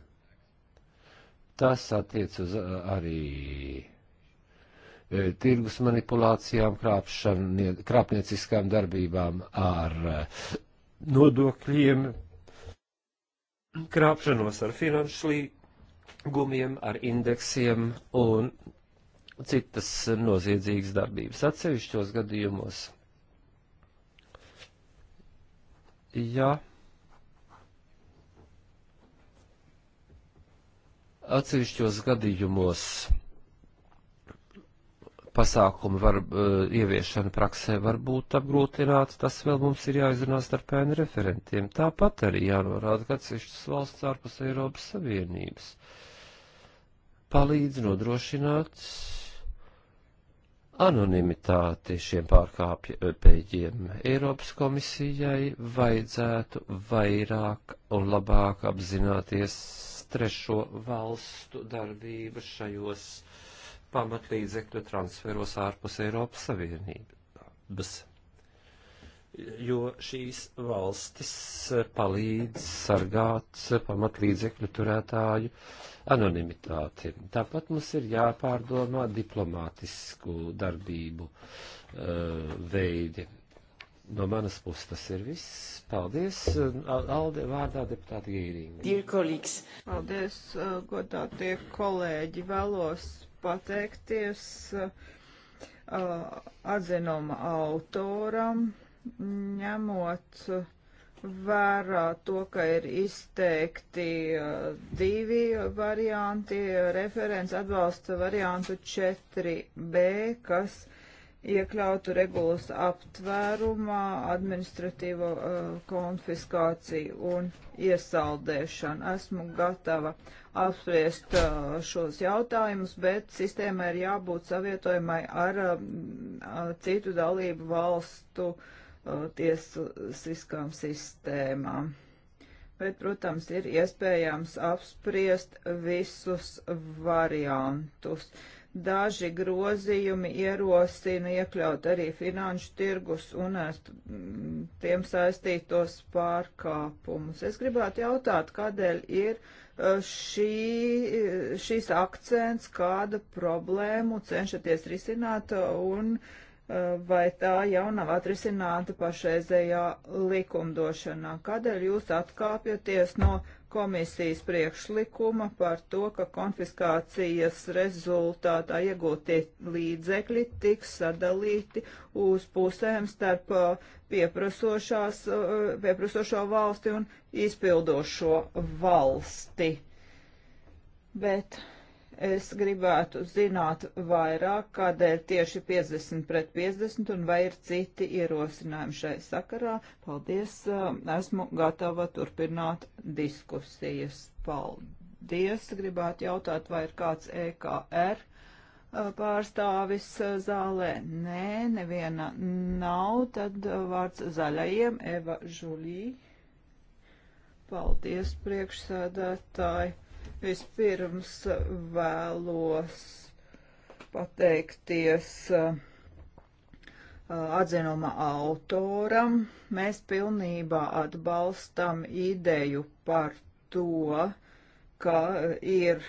Tas attiec uz arī e, tirgus manipulācijām, krāpšanu, krāpnieciskām darbībām ar e, nodokļiem, krāpšanos ar finanšu līgumiem, ar indeksiem un citas noziedzīgas darbības atsevišķos gadījumos. Ja atsevišķos gadījumos pasākumu var, eh, ieviešana praksē var būt apgrūtināta, tas vēl mums ir jāizrunā starp PN referentiem. Tāpat arī jānorāda, ka atsevišķas valsts ārpus Eiropas Savienības palīdz nodrošināt anonimitāti šiem pārkāpējiem. Eiropas komisijai vajadzētu vairāk un labāk apzināties trešo valstu darbību šajos pamatlīdzekļu transferos ārpus Eiropas Savienības. Jo šīs valstis palīdz sargāt pamatlīdzekļu turētāju anonimitāti. Tāpat mums ir jāpārdomā diplomātisku darbību uh, veidi. No manas puses tas ir viss. Paldies. Eh, Alde vārdā deputāti Gīrīgi. Dear colleagues. Paldies, eh, godātie kolēģi. Vēlos pateikties atzinuma autoram, ņemot vērā to, ka ir izteikti divi varianti. Referents atbalsta variantu 4b, kas iekļautu regulas aptvērumā administratīvo uh, konfiskāciju un iesaldēšanu. Esmu gatava apspriest uh, šos jautājumus, bet sistēmai ir jābūt savietojumai um, ar citu dalību valstu uh, tiesiskām sistēmām. Bet, protams, ir iespējams apspriest visus variantus. Daži grozījumi ierosina iekļaut arī finanšu tirgus un ar uh, tiem saistītos pārkāpumus. Es gribētu jautāt, kādēļ ir uh, Eh, šī, eh, šīs akcents, kādu problēmu cenšaties risināt un eh, vai tā jau nav atrisināta pašreizējā likumdošanā. Kādēļ jūs atkāpjaties no komisijas priekšlikuma par to, ka konfiskācijas rezultātā iegūtie līdzekļi tiks sadalīti uz pusēm starp uh, uh, pieprasošo valsti un izpildošo valsti. Bet Es gribētu zināt vairāk, kādēļ tieši 50 pret 50 un vai ir citi ierosinājumi šai sakarā. Paldies, um, esmu gatava turpināt diskusijas. Paldies, gribētu jautāt, vai ir kāds EKR uh, pārstāvis uh, zālē. Nē, neviena nav, tad uh, vārds zaļajiem Eva Žulī. Paldies, priekšsēdētāji Vispirms uh, vēlos pateikties uh, uh, atzinuma autoram. Mēs pilnībā atbalstam ideju par to, ka ir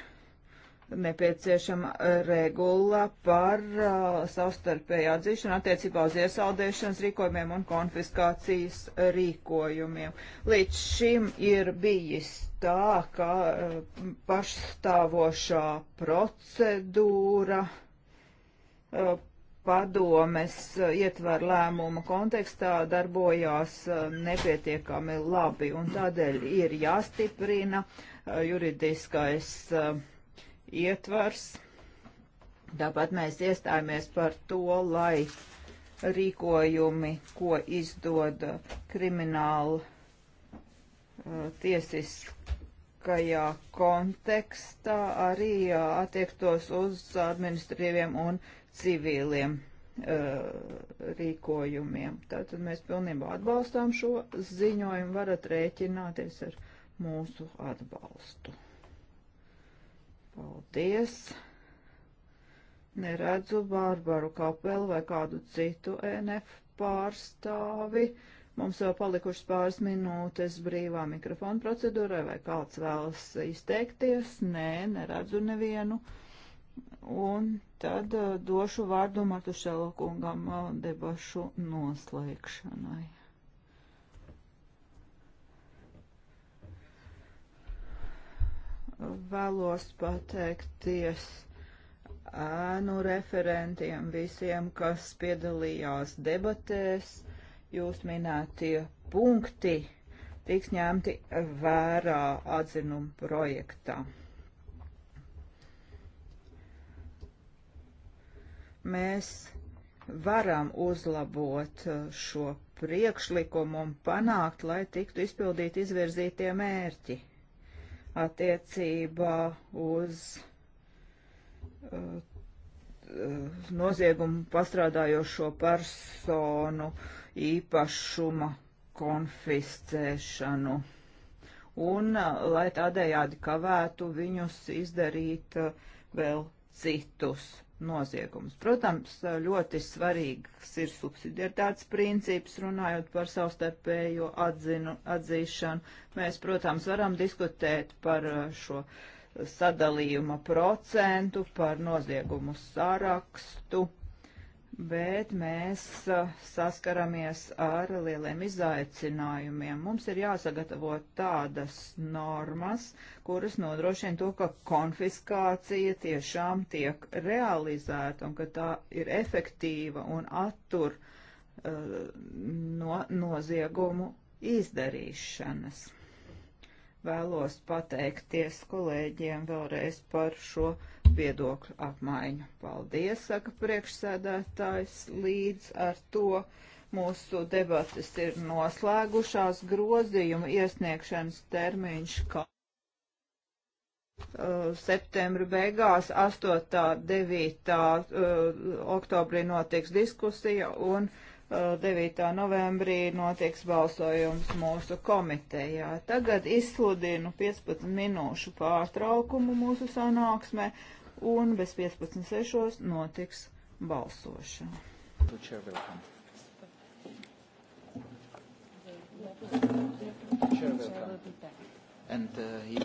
nepieciešama regula par uh, savstarpēju atzīšanu attiecībā uz iesaldēšanas rīkojumiem un konfiskācijas rīkojumiem. Līdz šim ir bijis tā, ka uh, pašstāvošā procedūra uh, padomes uh, ietver lēmuma kontekstā darbojās uh, nepietiekami labi un tādēļ ir jāstiprina uh, juridiskais uh, ietvars. Tāpat mēs iestājāmies par to, lai rīkojumi, ko izdod krimināla uh, tiesiskajā kontekstā, arī uh, attiektos uz administratīviem un civiliem uh, rīkojumiem. Tātad mēs pilnībā atbalstām šo ziņojumu, varat rēķināties ar mūsu atbalstu. Paldies! Neredzu Bārbaru Kapelu vai kādu citu e NF pārstāvi. Mums vēl palikušas pāris minūtes brīvā mikrofona procedūrai, vai kāds vēlas izteikties? Nē, neredzu nevienu. Un tad uh, došu vārdu Martušelo kungam uh, debašu noslēgšanai. vēlos pateikties ēnu referentiem visiem, kas piedalījās debatēs. Jūs minētie punkti tiks ņemti vērā atzinuma projektā. Mēs varam uzlabot uh, šo priekšlikumu un panākt, lai tiktu izpildīti izvirzītie mērķi attiecībā uz uh, noziegumu pastrādājošo personu īpašuma konfiscēšanu. Un uh, lai tādējādi kavētu viņus izdarīt uh, vēl citus noziegums. Protams, ļoti svarīgs ir subsidiaritātes princips, runājot par savstarpējo atzinu, atzīšanu. Mēs, protams, varam diskutēt par uh, šo sadalījuma procentu, par noziegumu sārakstu bet mēs a, eh, saskaramies ar lieliem izaicinājumiem. Mums ir jāsagatavo tādas normas, kuras nodrošina to, ka konfiskācija tiešām tiek realizēta un ka tā ir efektīva un attur a, eh, no noziegumu izdarīšanas. Vēlos pateikties kolēģiem vēlreiz par šo uh, viedokļu apmaiņu. Paldies, saka priekšsēdētājs, līdz ar to mūsu debatas ir noslēgušās grozījumu iesniegšanas termiņš, ka uh, septembra beigās, 8. 9. Uh, oktobrī notiks diskusija un 9. Uh, novembrī notiks balsojums mūsu komitejā. Tagad izsludinu 15 minūšu pārtraukumu mūsu sanāksmē un bez 15.6. notiks balsošana. The chair will come. The chair will come. And uh, he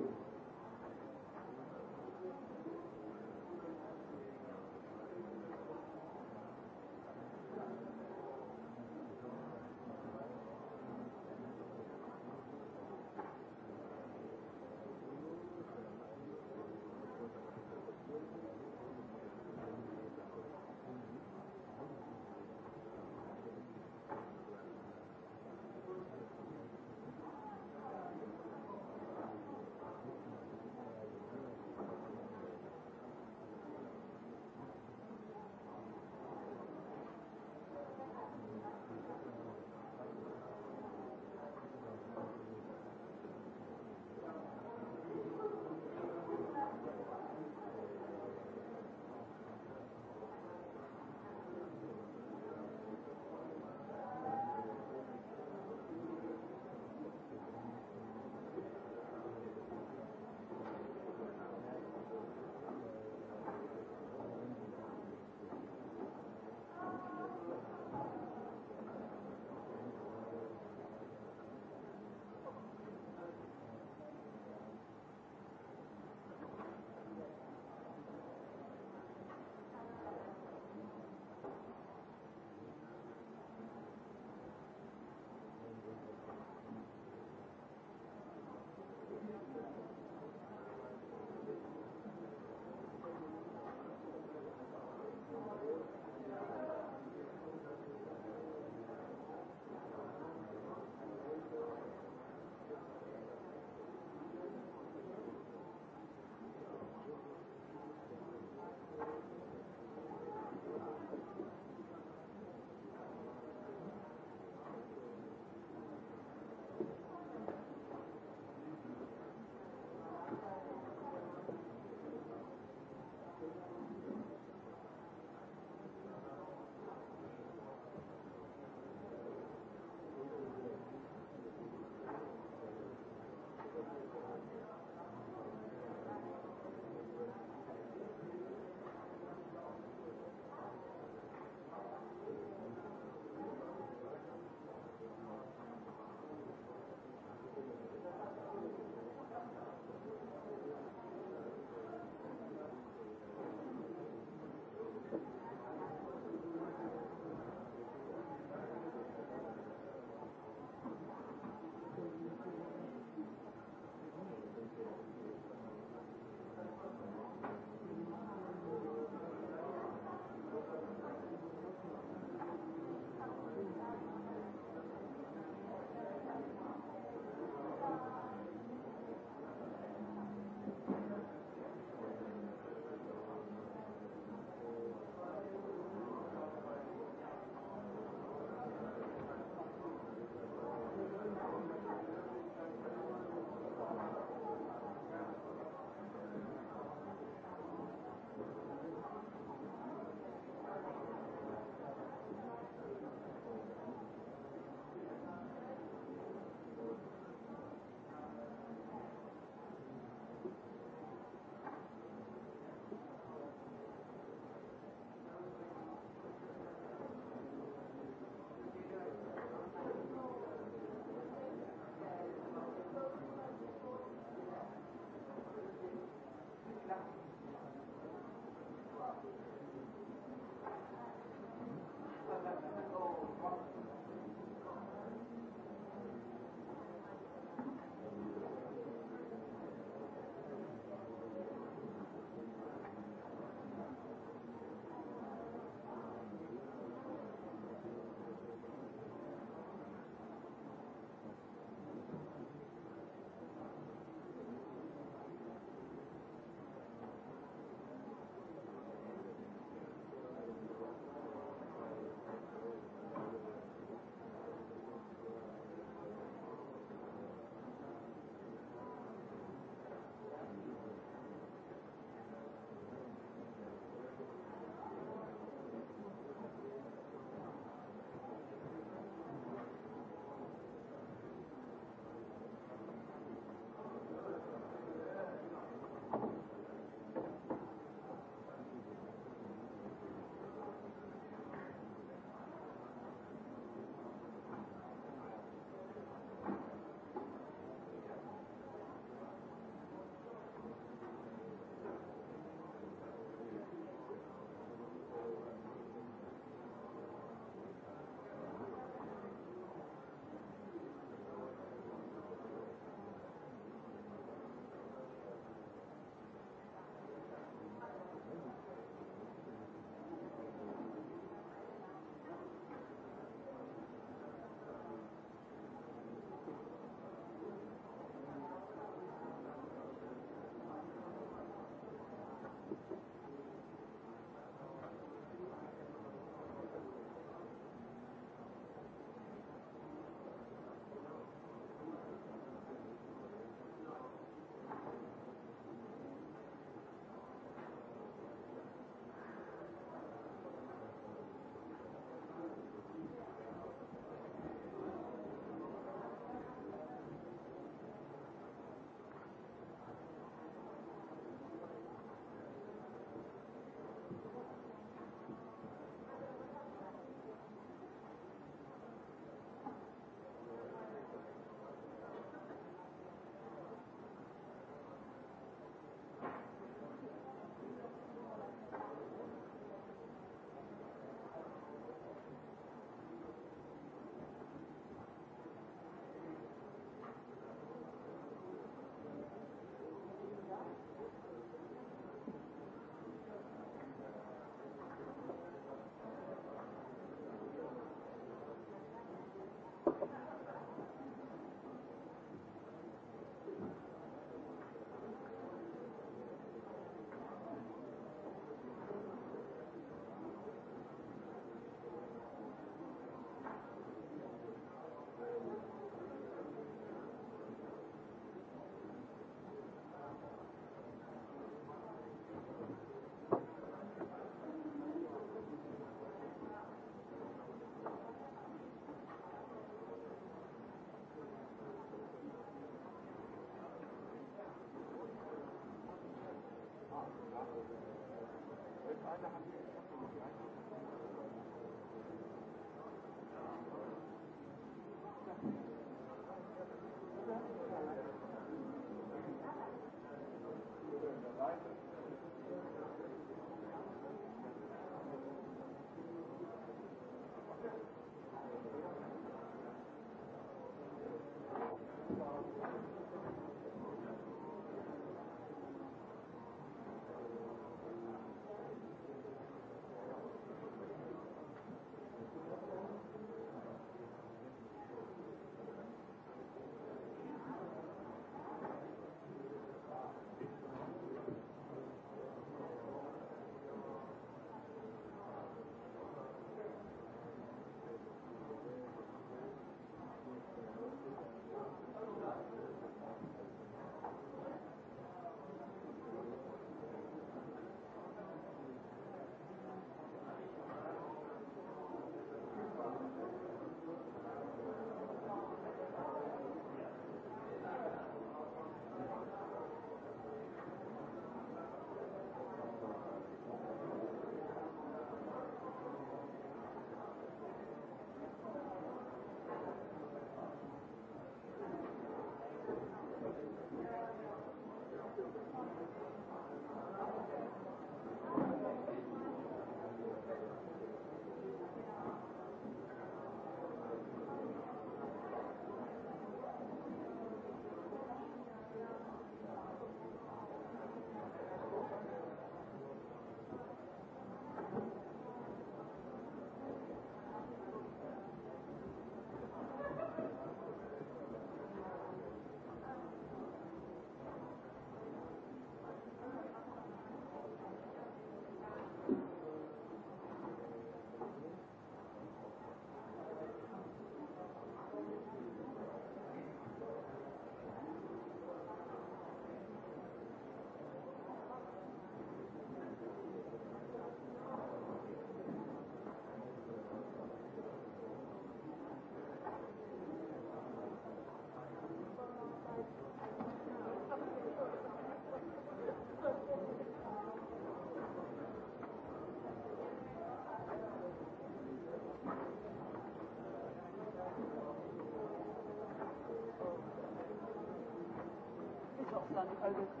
Thank you.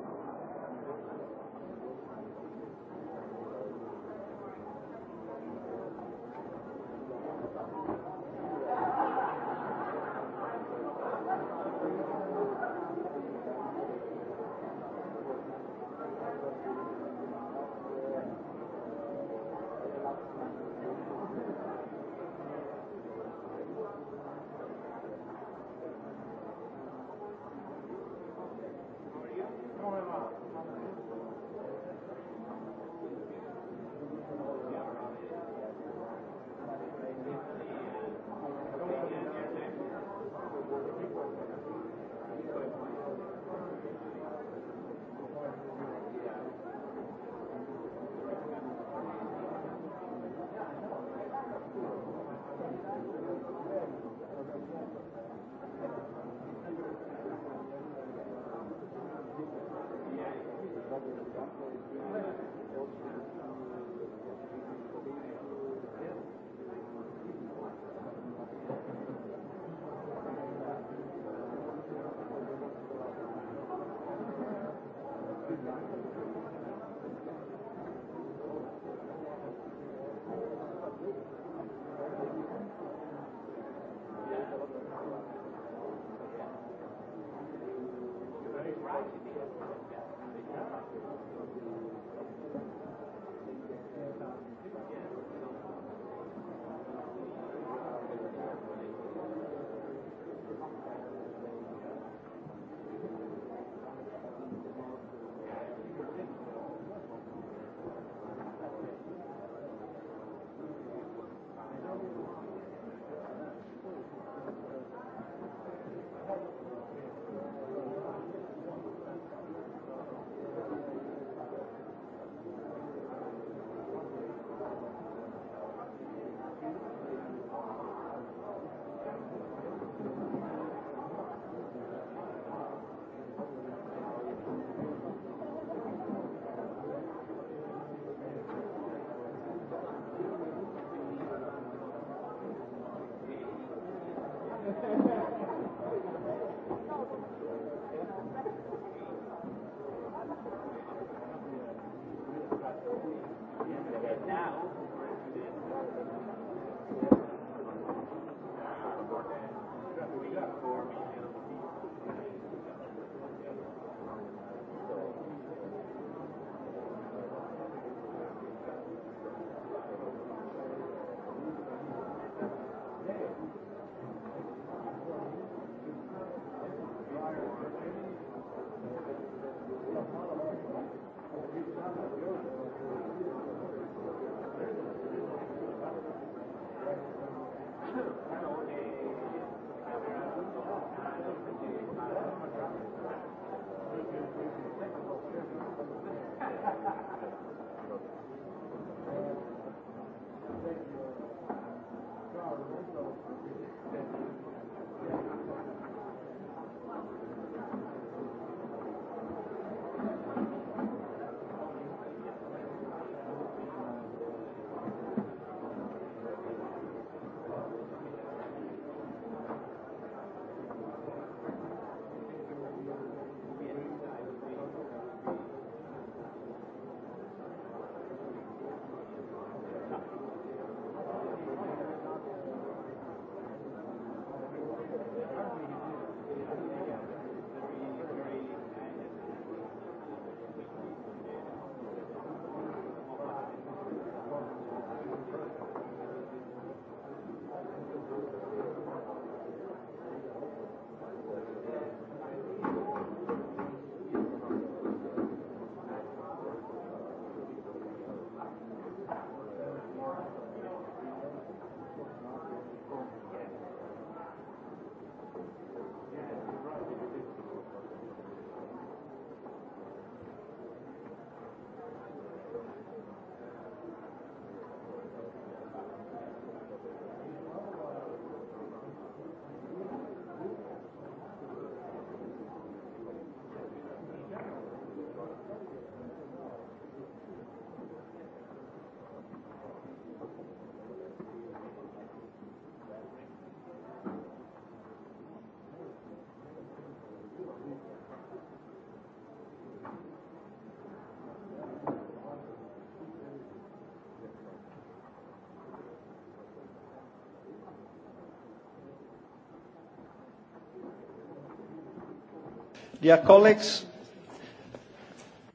Dear colleagues,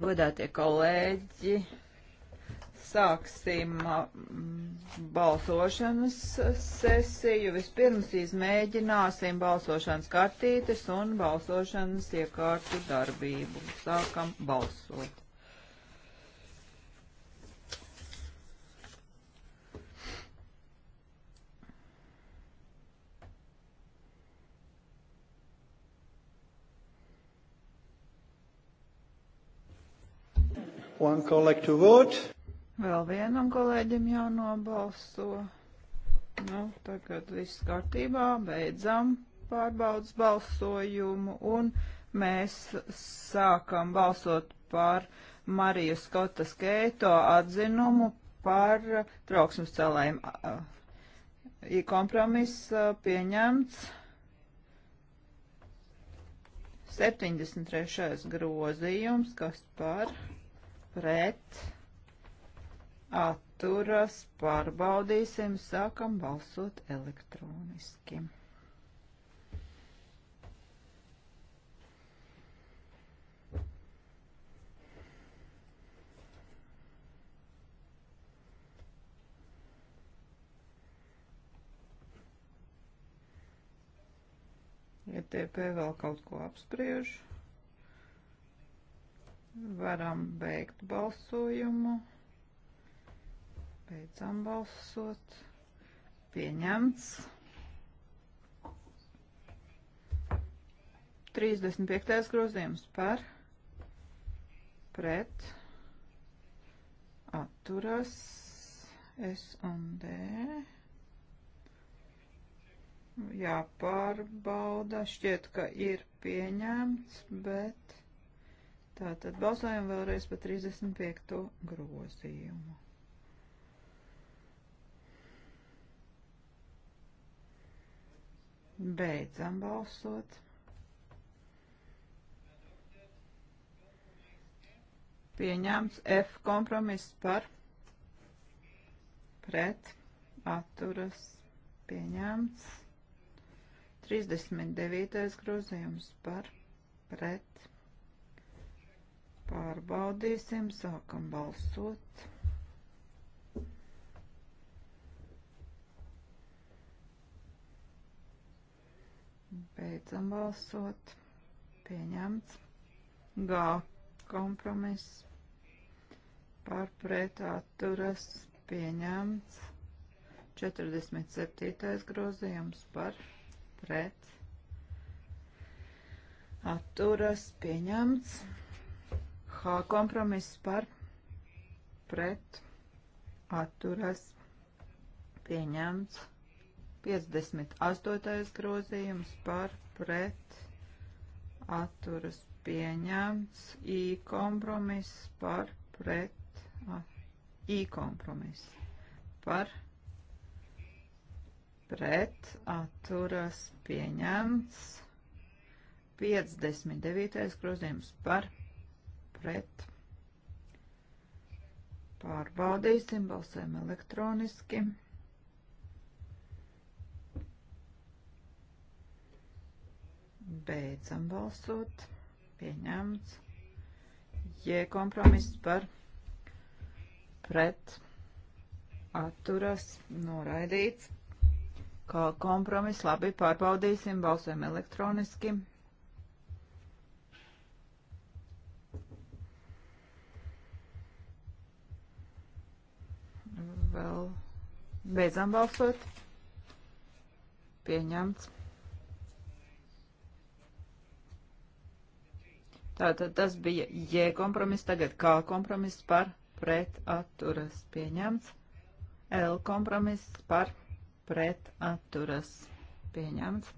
godātie kolēģi, sāksim uh, balsošanas sesiju. Vispirms izmēģināsim balsošanas kartītes un balsošanas iekārtu darbību. Sākam balsot. One colleague to vote. Vēl vienam kolēģim jānobalso. Nu, tagad viss kārtībā, beidzam pārbaudas balsojumu un mēs sākam balsot par Mariju Skotas Keito atzinumu par trauksmes celējumu. Ir kompromiss pieņemts 73. grozījums, kas par pret, atturas, pārbaudīsim, sākam balsot elektroniski. ETP vēl kaut ko apspriež. Varam beigt balsojumu. Beidzam balsot. Pieņemts. 35. grozījums par pret atturas S un D. Jāpārbauda. Šķiet, ka ir pieņemts, bet Tātad balsojam vēlreiz par 35. grozījumu. Beidzam balsot. Pieņemts F kompromiss par pret atturas pieņemts 39. grozījums par pret atturas Pārbaudīsim, sākam balsot. Beidzam balsot. Pieņemts. G. Kompromiss. Pārpretā turas pieņemts. 47. grozījums par pret. Atturas pieņemts. H kompromiss par pret atturas pieņemts. 58. grozījums par pret atturas pieņemts. I kompromiss par pret a, I kompromiss par pret atturas pieņemts. 59. grozījums par pret pret. Pārbaudīsim, balsēm elektroniski. Beidzam balsot. Pieņemts. J kompromiss par pret atturas noraidīts. Kā kompromiss labi pārbaudīsim, balsēm elektroniski. Beidzam balsot. Pieņemts. Tātad tas bija J kompromiss, tagad K kompromiss par pret atturas pieņemts. L kompromiss par pret atturas pieņemts.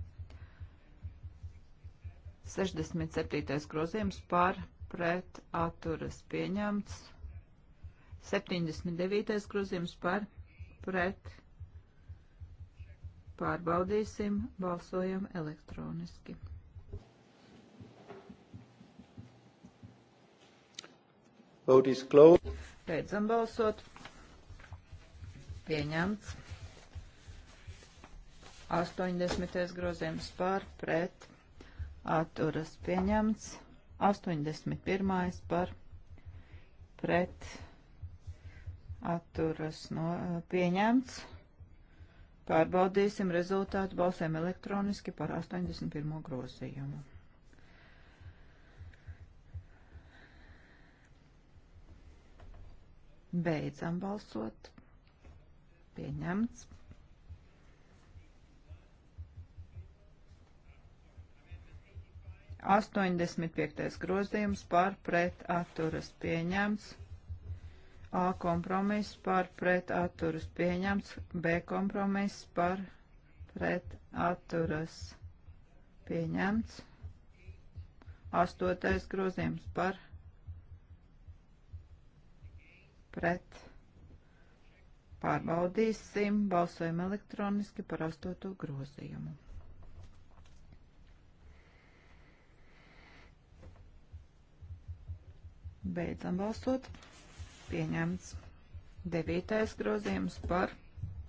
67. grozījums par pret atturas pieņemts. 79. grozījums par pret pret. Pārbaudīsim, balsojam elektroniski. Vote is closed. Beidzam balsot. Pieņemts. 80. grozījums par pret. Atturas pieņemts. 81. par pret atturas no, eh, pieņemts. Pārbaudīsim rezultātu balsēm elektroniski par 81. grozījumu. Beidzam balsot. Pieņemts. Astoņdesmit piektais grozījums par pret atturas pieņemts. A kompromiss par pret atturas pieņemts, B kompromiss par pret atturas pieņemts, astotais grozījums par pret pārbaudīsim, balsojam elektroniski par astoto grozījumu. Beidzam balsot pieņemts. Devītais grozījums par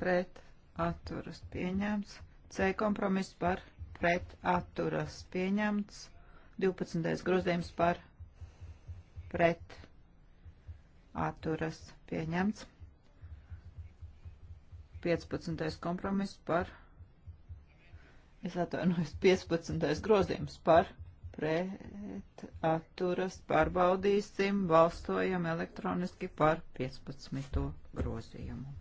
pret atturas pieņemts. C kompromiss par pret atturas pieņemts. 12. grozījums par pret atturas pieņemts. 15. kompromiss par, es atvainojos, 15. grozījums par pret pret atturas pārbaudīsim, balsojam elektroniski par 15. grozījumu.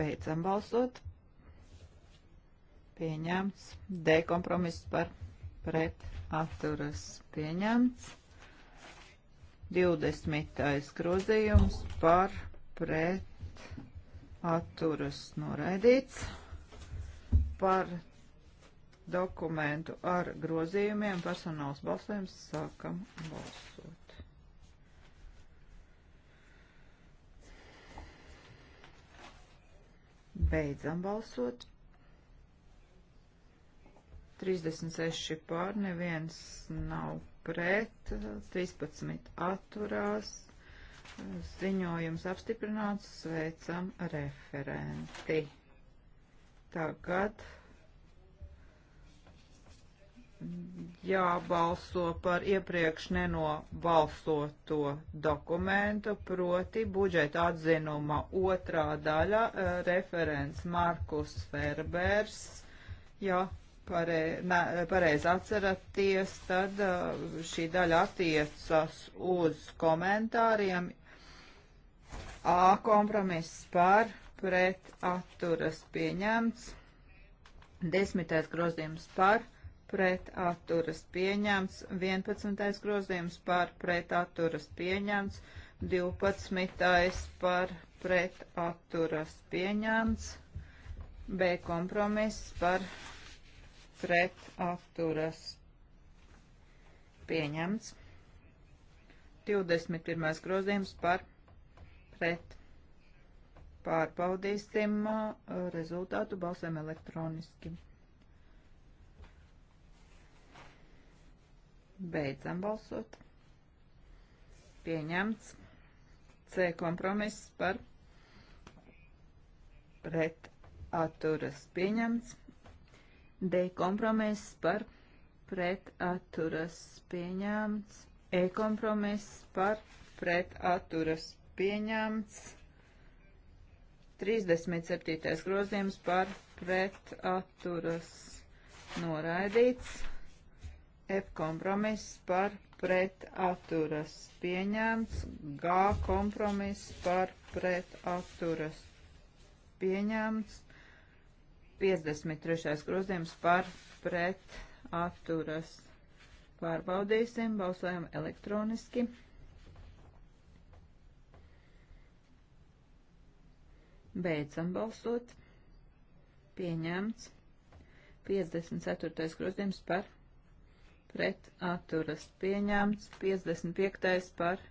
Beidzam balsot. Pieņemts. D kompromiss par pret atturas pieņemts. 20. grozījums par pret atturas noraidīts par dokumentu ar grozījumiem personāls balsojums sākam balsot. Beidzam balsot. 36 pār, neviens nav pret, 13 atturās, ziņojums apstiprināts, sveicam referenti. Tagad jābalso par iepriekš nenobalsoto dokumentu, proti budžeta atzinuma otrā daļa, eh, referents Markus Ferbers. Jā, pareizi pareiz atceraties, tad eh, šī daļa attiecas uz komentāriem. A kompromiss par pret atturas pieņemts. Desmitais grozījums par pret atturas pieņemts. Vienpadsmitais grozījums par pret atturas pieņemts. Divpadsmitais par pret atturas pieņemts. B kompromiss par pret atturas pieņemts. 21. grozījums par pret Pārbaudīsim uh, rezultātu balsēm elektroniski. Beidzam balsot. Pieņemts. C kompromiss par pret atturas pieņemts. D kompromiss par pret atturas pieņemts. E kompromiss par pret atturas pieņemts. 37. grozījums par pret atturas noraidīts. F kompromiss par pret atturas pieņemts. G kompromiss par pret atturas pieņemts. 53. grozījums par pret atturas pārbaudīsim, balsojam elektroniski. Beidzam balsot. Pieņemts. 54. grozījums par pret atturas pieņemts. 55. par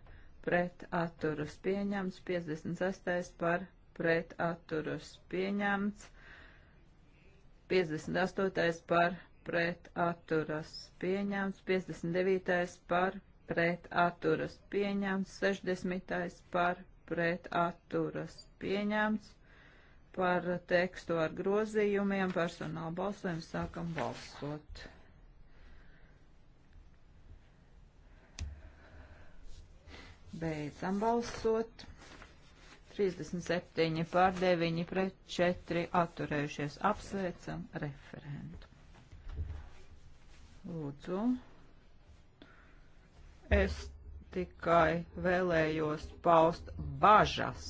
pret atturas pieņemts. 56. par pret atturas pieņemts. 58. par pret atturas pieņemts. 59. par pret atturas pieņemts. 60. par pret atturas pieņemts. Par tekstu ar grozījumiem personāla balsojumu sākam balsot. Beidzam balsot. 37 pār 9 pret 4 atturējušies. Apsveicam referentu. Lūdzu. Es tikai vēlējos paust bažas.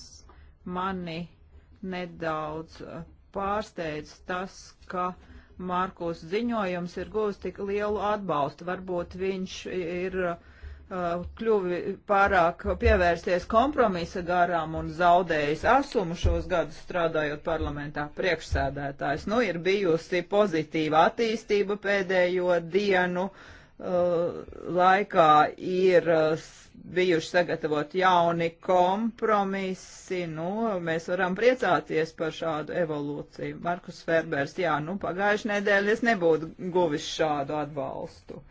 Mani nedaudz eh, pārsteidz tas, ka Markus ziņojums ir guvis tik lielu atbalstu. Varbūt viņš ir uh, kļuvi pārāk pievērsties kompromisa garām un zaudējis asumu šos gadus strādājot parlamentā priekšsēdētājs. Nu, ir bijusi pozitīva attīstība pēdējo dienu. Uh, laikā ir uh, bijuši sagatavot jauni kompromisi, nu, mēs varam priecāties par šādu evolūciju. Markus Ferbers, jā, nu, pagājuši nedēļa es nebūtu guvis šādu atbalstu.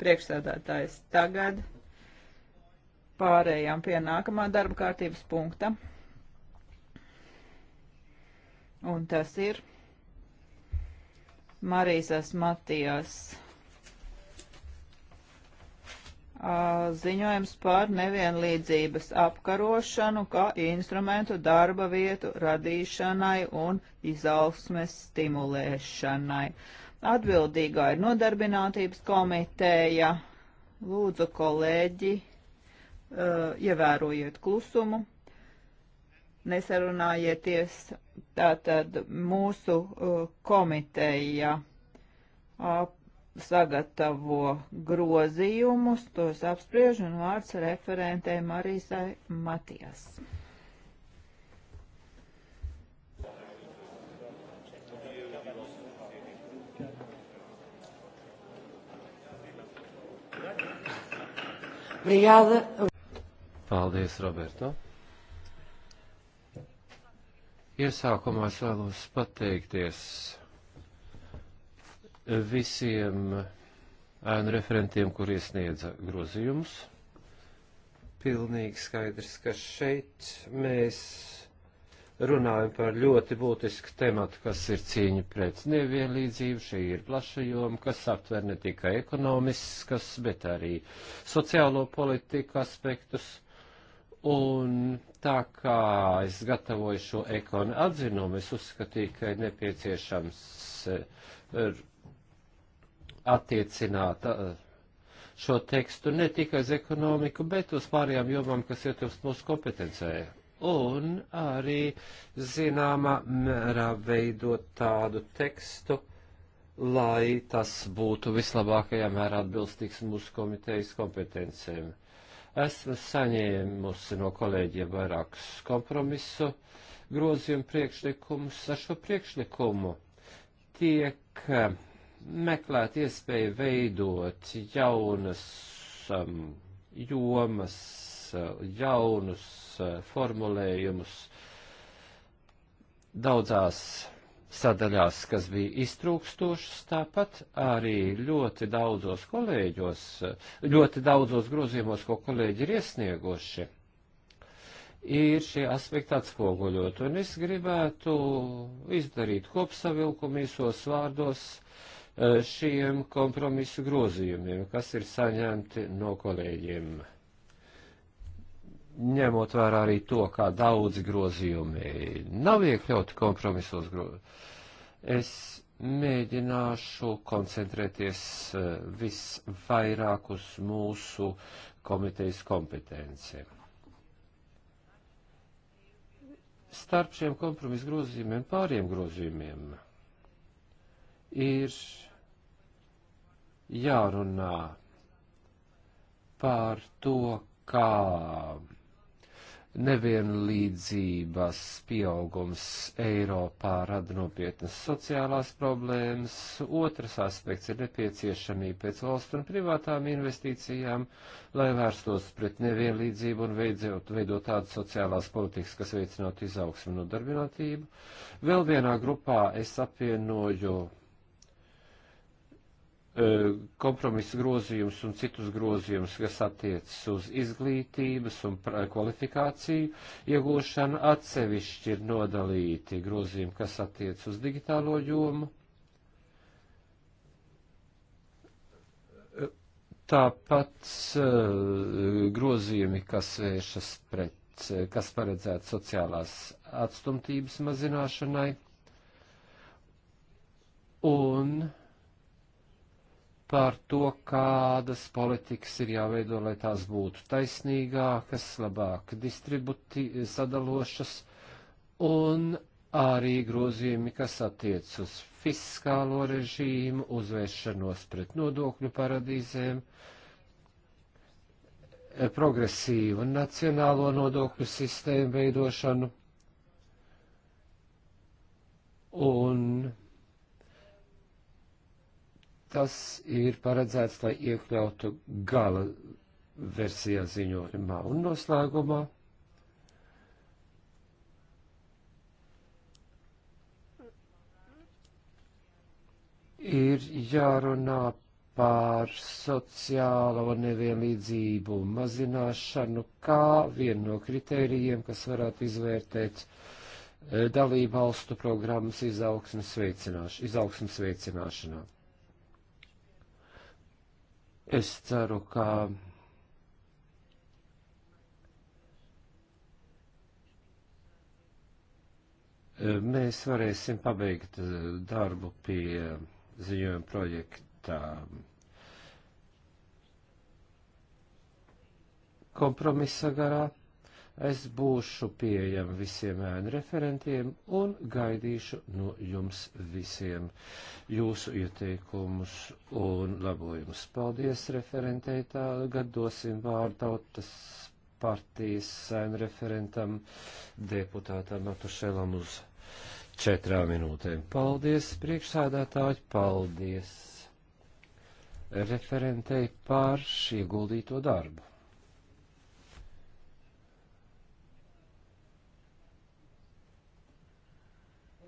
Priekšsēdētājs tagad pārējām pie nākamā darba kārtības punkta. Un tas ir. Marīsas Matijas ziņojums par nevienlīdzības apkarošanu kā instrumentu darba vietu radīšanai un izaugsmes stimulēšanai. Atbildīgā ir nodarbinātības komiteja. Lūdzu, kolēģi, ievērojiet klusumu nesarunājieties. Tātad mūsu uh, komiteja uh, sagatavo grozījumus, tos apspriež un vārds referentē Marīsai Matijas. Obrigada. Paldies, Roberto. Iesākumā es vēlos pateikties visiem ēnu referentiem, kur iesniedza grozījumus. Pilnīgi skaidrs, ka šeit mēs runājam par ļoti būtisku tematu, kas ir cīņa pret nevienlīdzību. Šī ir plaša joma, kas aptver ne tikai ekonomiskas, bet arī sociālo politiku aspektus Un tā kā es gatavoju šo ekonu atzinumu, es uzskatīju, ka ir nepieciešams e, attiecināt e, šo tekstu ne tikai uz ekonomiku, bet uz pārējām jomām, kas ietilpst mūsu kompetencē. Un arī zināmā mērā veidot tādu tekstu, lai tas būtu vislabākajā mērā atbilstīgs mūsu komitejas kompetencēm. Esmu saņēmusi no kolēģiem vairākus kompromisu grozījumu priekšlikumus. Ar šo priekšlikumu tiek eh, meklēt iespēju veidot jaunas um, jomas, eh, jaunus uh, formulējumus daudzās sadaļās, kas bija iztrūkstošas, tāpat arī ļoti daudzos kolēģos, ļoti daudzos grozījumos, ko kolēģi ir iesnieguši, ir šie aspekti atspoguļot. Un es gribētu izdarīt kopsavilkumu īsos vārdos eh, šiem kompromisu grozījumiem, kas ir saņemti no kolēģiem ņemot vērā arī to, kā daudzi grozījumi nav iekļauti kompromisos. Es mēģināšu koncentrēties eh, visvairāk uz mūsu komitejas kompetenci. Starp šiem kompromisu grozījumiem, pāriem grozījumiem, ir jārunā par to, kā nevienlīdzības pieaugums Eiropā rada nopietnas sociālās problēmas. Otrs aspekts ir nepieciešamība pēc valstu un privātām investīcijām, lai vērstos pret nevienlīdzību un veidot, veidot tādas sociālās politikas, kas veicinātu izaugsmu un nodarbinātību. Vēl vienā grupā es apvienoju Eh, kompromisu grozījumus un citus grozījumus, kas attiecas uz izglītības un kvalifikāciju iegūšanu. Atsevišķi ir nodalīti grozījumi, kas attiecas uz digitālo jomu. Tāpat eh, grozījumi, kas vēršas pret, eh, kas paredzētu sociālās atstumtības mazināšanai. Un par to, kādas politikas ir jāveido, lai tās būtu taisnīgākas, labāk sadalošas, un arī grozījumi, kas attiec uz fiskālo režīmu, uzvēršanos pret nodokļu paradīzēm, progresīvu nacionālo nodokļu sistēmu veidošanu un Tas ir paredzēts, lai iekļautu gala versijā ziņojumā un noslēgumā. Ir jārunā par sociālo nevienlīdzību mazināšanu kā vienu no kritērijiem, kas varētu izvērtēt eh, dalību valstu programmas izaugsmas, veicināš, izaugsmas veicināšanā. Es ceru, ka mēs varēsim pabeigt eh, darbu pie ziņojuma projekta kompromisa garā. Es būšu pieejam visiem ēnu referentiem un gaidīšu no jums visiem jūsu ieteikumus un labojumus. Paldies referentei, tā gad dosim vārdu tautas partijas ēnu referentam deputātam Matušelam uz četrām minūtēm. Paldies priekšsādātāji, paldies referentei par ieguldīto darbu.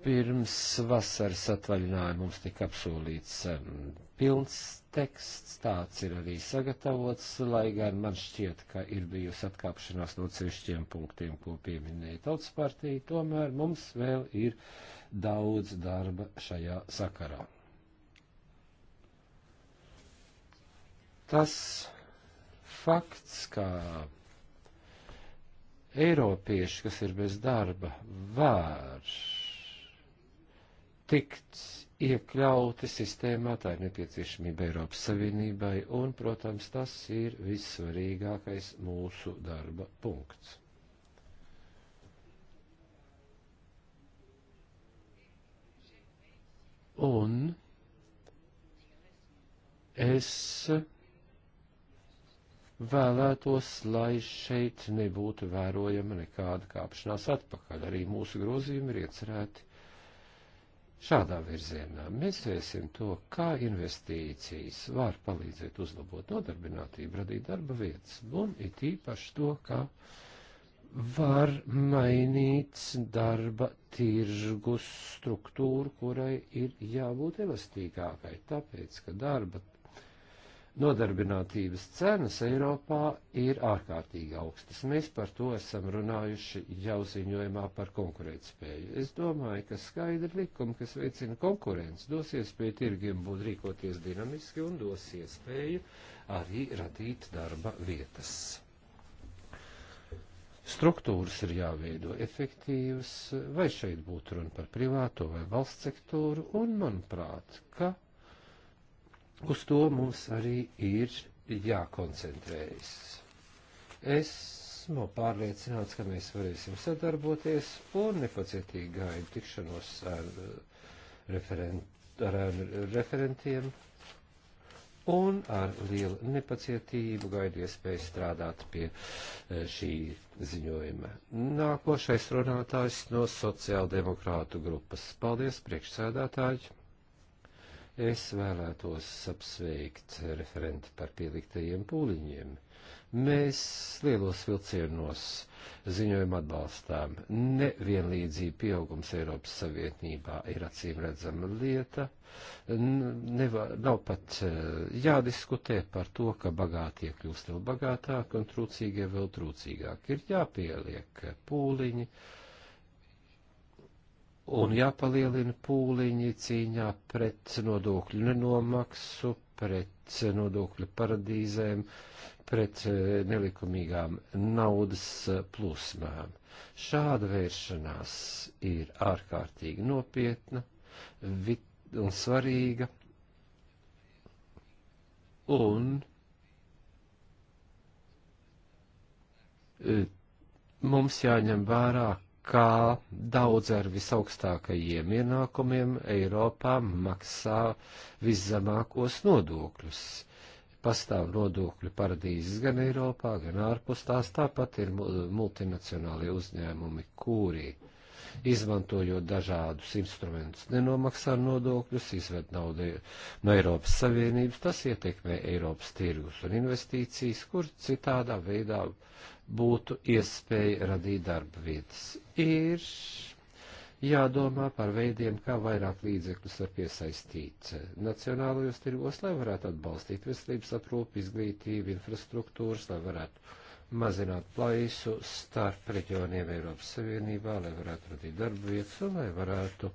pirms vasaras atvaļinājuma mums tika apsolīts um, pilns teksts, tāds ir arī sagatavots, lai gan man šķiet, ka ir bijusi atkāpšanās no cevišķiem punktiem, ko pieminēja tautas partija, tomēr mums vēl ir daudz darba šajā sakarā. Tas fakts, ka Eiropieši, kas ir bez darba, vērš tikt iekļauti sistēmā, tā ir nepieciešamība Eiropas Savienībai, un, protams, tas ir vissvarīgākais mūsu darba punkts. Un es vēlētos, lai šeit nebūtu vērojama nekāda kāpšanās atpakaļ. Arī mūsu grozījumi ir iecerēti šādā virzienā. Mēs iesim to, kā investīcijas var palīdzēt uzlabot nodarbinātību, radīt darba vietas, un it īpaši to, kā var mainīt darba tirgus struktūru, kurai ir jābūt elastīgākai, tāpēc, ka darba tirgus nodarbinātības cenas Eiropā ir ārkārtīgi augstas. Mēs par to esam runājuši jau ziņojumā par konkurētspēju. Es domāju, ka skaidri likumi, kas veicina konkurenci, dos iespēju tirgiem būt rīkoties dinamiski un dos iespēju arī radīt darba vietas. Struktūras ir jāveido efektīvas, vai šeit būtu runa par privāto vai valsts sektoru, un manuprāt, ka Uz to mums arī ir jākoncentrējas. Esmu pārliecināts, ka mēs varēsim sadarboties un nepacietīgi gaidu tikšanos ar, eh, referent, ar, ar referentiem un ar lielu nepacietību gaidu iespēju strādāt pie eh, šī ziņojuma. Nākošais runātājs no sociāldemokrātu grupas. Paldies, priekšsēdētāji! Es vēlētos apsveikt referenti par pieliktajiem pūliņiem. Mēs lielos vilcienos ziņojumu atbalstām. Nevienlīdzība pieaugums Eiropas Savietnībā ir acīm redzama lieta. Neva, nav pat e, jādiskutē par to, ka bagātie kļūst vēl bagātāki un trūcīgie vēl trūcīgāki. Ir jāpieliek pūliņi. Uh, un jāpalielina pūliņi cīņā pret nodokļu nenomaksu, pret nodokļu paradīzēm, pret e, nelikumīgām naudas e, plūsmām. Šāda vēršanās ir ārkārtīgi nopietna un svarīga, un e, mums jāņem vērā, kā daudz ar visaugstākajiem ienākumiem Eiropā maksā viszemākos nodokļus. Pastāv nodokļu paradīzes gan Eiropā, gan ārpus tās, tāpat ir multinacionālie uzņēmumi, kuri, izmantojot dažādus instrumentus, nenomaksā nodokļus, izved naudu no Eiropas Savienības, tas ietekmē Eiropas tirgus un investīcijas, kur citādā veidā būtu iespēja radīt darba vietas ir jādomā par veidiem, kā vairāk līdzekļus var piesaistīt nacionālajos tirgos, lai varētu atbalstīt veselības aprūpi, izglītību, infrastruktūras, lai varētu mazināt plaisu starp reģioniem Eiropas Savienībā, lai varētu radīt darba vietas un lai varētu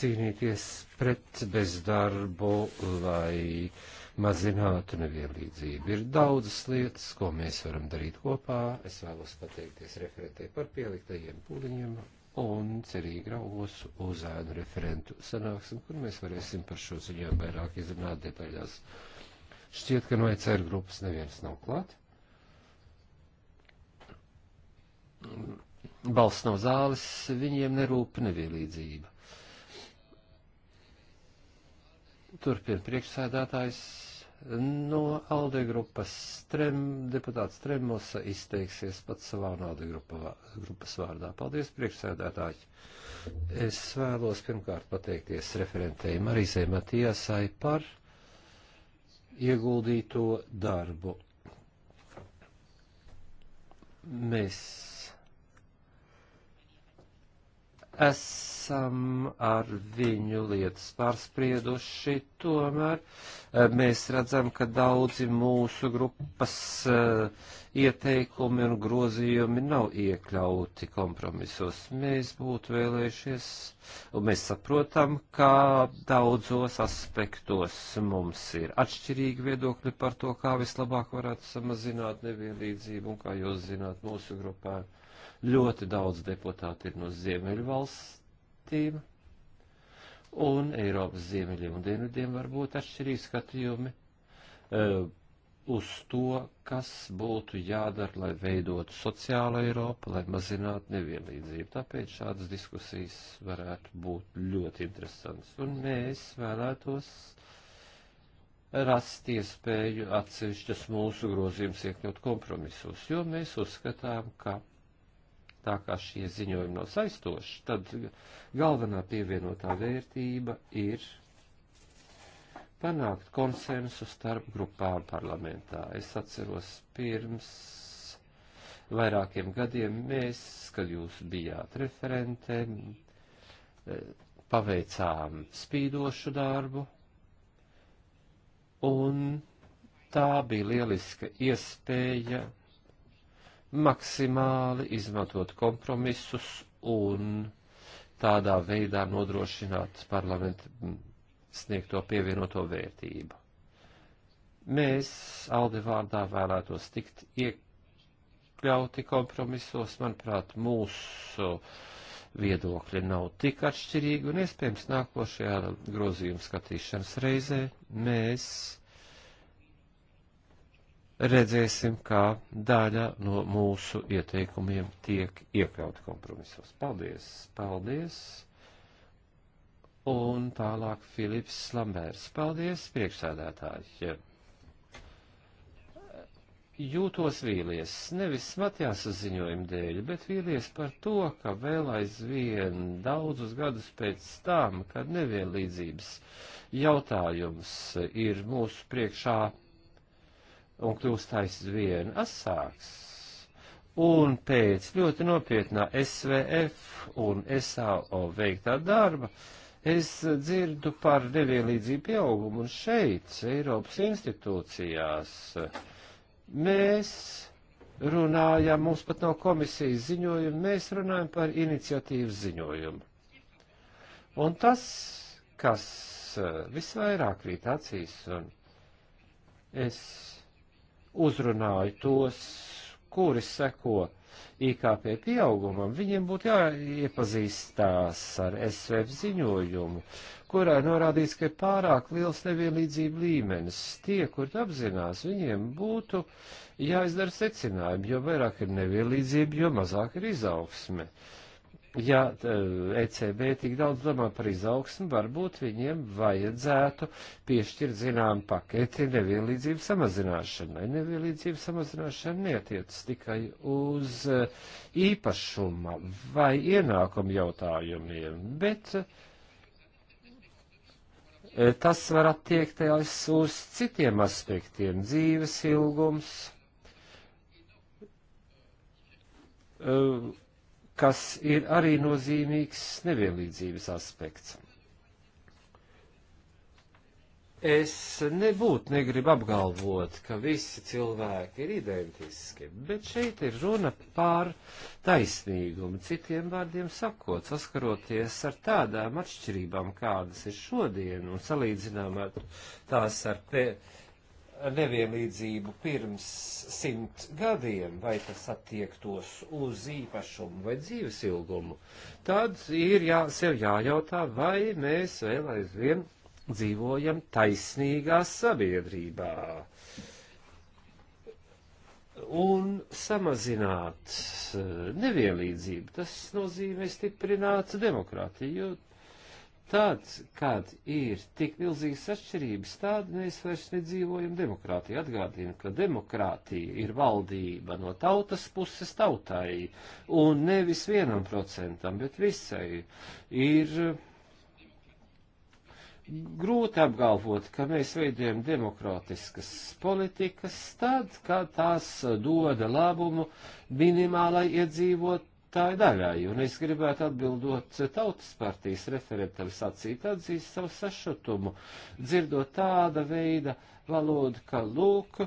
cīnīties pret bezdarbu, lai uh, mazinātu nevienlīdzību. Ir daudzas lietas, ko mēs varam darīt kopā. Es vēlos pateikties referentē par pieliktajiem pūliņiem un cerīgi raugos uz ēnu referentu sanāksim, kur mēs varēsim par šo ziņām vairāk izrunāt detaļās. Šķiet, ka no ECR grupas neviens nav klāt. Balsts no zāles, viņiem nerūp nevienlīdzība. Turpin priekšsēdētājs no Alde grupas trem, deputāts Tremosa izteiksies pats savā un Alde grupa, grupas vārdā. Paldies, priekšsēdētāji! Es vēlos pirmkārt pateikties referentei Marīzai Matijasai par ieguldīto darbu. Mēs esam ar viņu lietas pārsprieduši, tomēr eh, mēs redzam, ka daudzi mūsu grupas eh, ieteikumi un grozījumi nav iekļauti kompromisos. Mēs būtu vēlējušies, un mēs saprotam, ka daudzos aspektos mums ir atšķirīgi viedokļi par to, kā vislabāk varētu samazināt nevienlīdzību, un kā jūs zināt, mūsu grupā. Uh, Ļoti daudz deputāti ir no ziemeļu valstīm, un Eiropas ziemeļiem un dienvidiem var būt atšķirīgi skatījumi uh, uz to, kas būtu jādara, lai veidotu sociālu Eiropu, lai mazinātu nevienlīdzību. Tāpēc šādas diskusijas varētu būt ļoti interesantas, un mēs vēlētos rast iespēju atsevišķas mūsu grozījumus iekļaut kompromisos, jo mēs uzskatām, ka tā kā šie ziņojumi nav saistoši, tad galvenā pievienotā vērtība ir panākt konsensu starp grupām parlamentā. Es atceros pirms vairākiem gadiem mēs, kad jūs bijāt referente, paveicām spīdošu darbu, un tā bija lieliska iespēja maksimāli izmantot kompromisus un tādā veidā nodrošināt parlamentu sniegto pievienoto vērtību. Mēs Aldi vārdā vēlētos tikt iekļauti kompromisos, manuprāt, mūsu viedokļi nav tik atšķirīgi, un iespējams nākošajā grozījuma skatīšanas reizē mēs redzēsim, kā daļa no mūsu ieteikumiem tiek iekļauti kompromisos. Paldies! Paldies! Un tālāk Filips Lambērs. Paldies, priekšsēdētāji! Jūtos vīlies, nevis Matjāsa ziņojuma dēļ, bet vīlies par to, ka vēl aizvien daudzus gadus pēc tam, kad nevienlīdzības jautājums ir mūsu priekšā un kļūst aizvien asāks. Un pēc ļoti nopietnā SVF un SAO veiktā darba es dzirdu par nevienlīdzību pieaugumu un šeit, Eiropas institūcijās, mēs runājam, mums pat nav komisijas ziņojuma, mēs runājam par iniciatīvas ziņojumu. Un tas, kas eh, visvairāk krīt acīs, un es uzrunāju tos, kuri seko IKP pieaugumam, viņiem būtu jāiepazīstās ar SVF ziņojumu, kurā norādīts, ka ir pārāk liels nevienlīdzība līmenis. Tie, kur apzinās, viņiem būtu jāizdara secinājumi, jo vairāk ir nevienlīdzība, jo mazāk ir izaugsme. Uh, ja ECB eh, e tik daudz domā par izaugsmu, varbūt viņiem vajadzētu piešķirt zinām paketi nevienlīdzību samazināšanai. Nevienlīdzību samazināšana netiec tikai uz eh, īpašuma vai ienākumu jautājumiem, bet eh, tas var attiekties uz citiem aspektiem - dzīves ilgums. Uh, kas ir arī nozīmīgs nevienlīdzības aspekts. Es nebūtu negribu apgalvot, ka visi cilvēki ir identiski, bet šeit ir runa par taisnīgumu. Citiem vārdiem sakot, saskaroties ar tādām atšķirībām, kādas ir šodien, un salīdzinām ar tās ar pēdējiem nevienlīdzību pirms simt gadiem, vai tas attiektos uz īpašumu vai dzīves ilgumu, tad ir jā, sev jājautā, vai mēs vēl aizvien dzīvojam taisnīgā sabiedrībā. Un samazināt eh, nevienlīdzību, tas nozīmē stiprināt demokrātiju, jo Tad, kad ir tik milzīgas atšķirības, tad mēs vairs nedzīvojam demokrātiju. Atgādina, ka demokrātija ir valdība no tautas puses tautai, un nevis vienam procentam, bet visai ir eh, grūti apgalvot, ka mēs veidojam demokrātiskas politikas tad, kad tās doda labumu minimālai iedzīvot vēlētāju daļai, un es gribētu atbildot tautas partijas referentam sacīt atzīst savu sašutumu, dzirdot tāda veida valodu, ka lūk,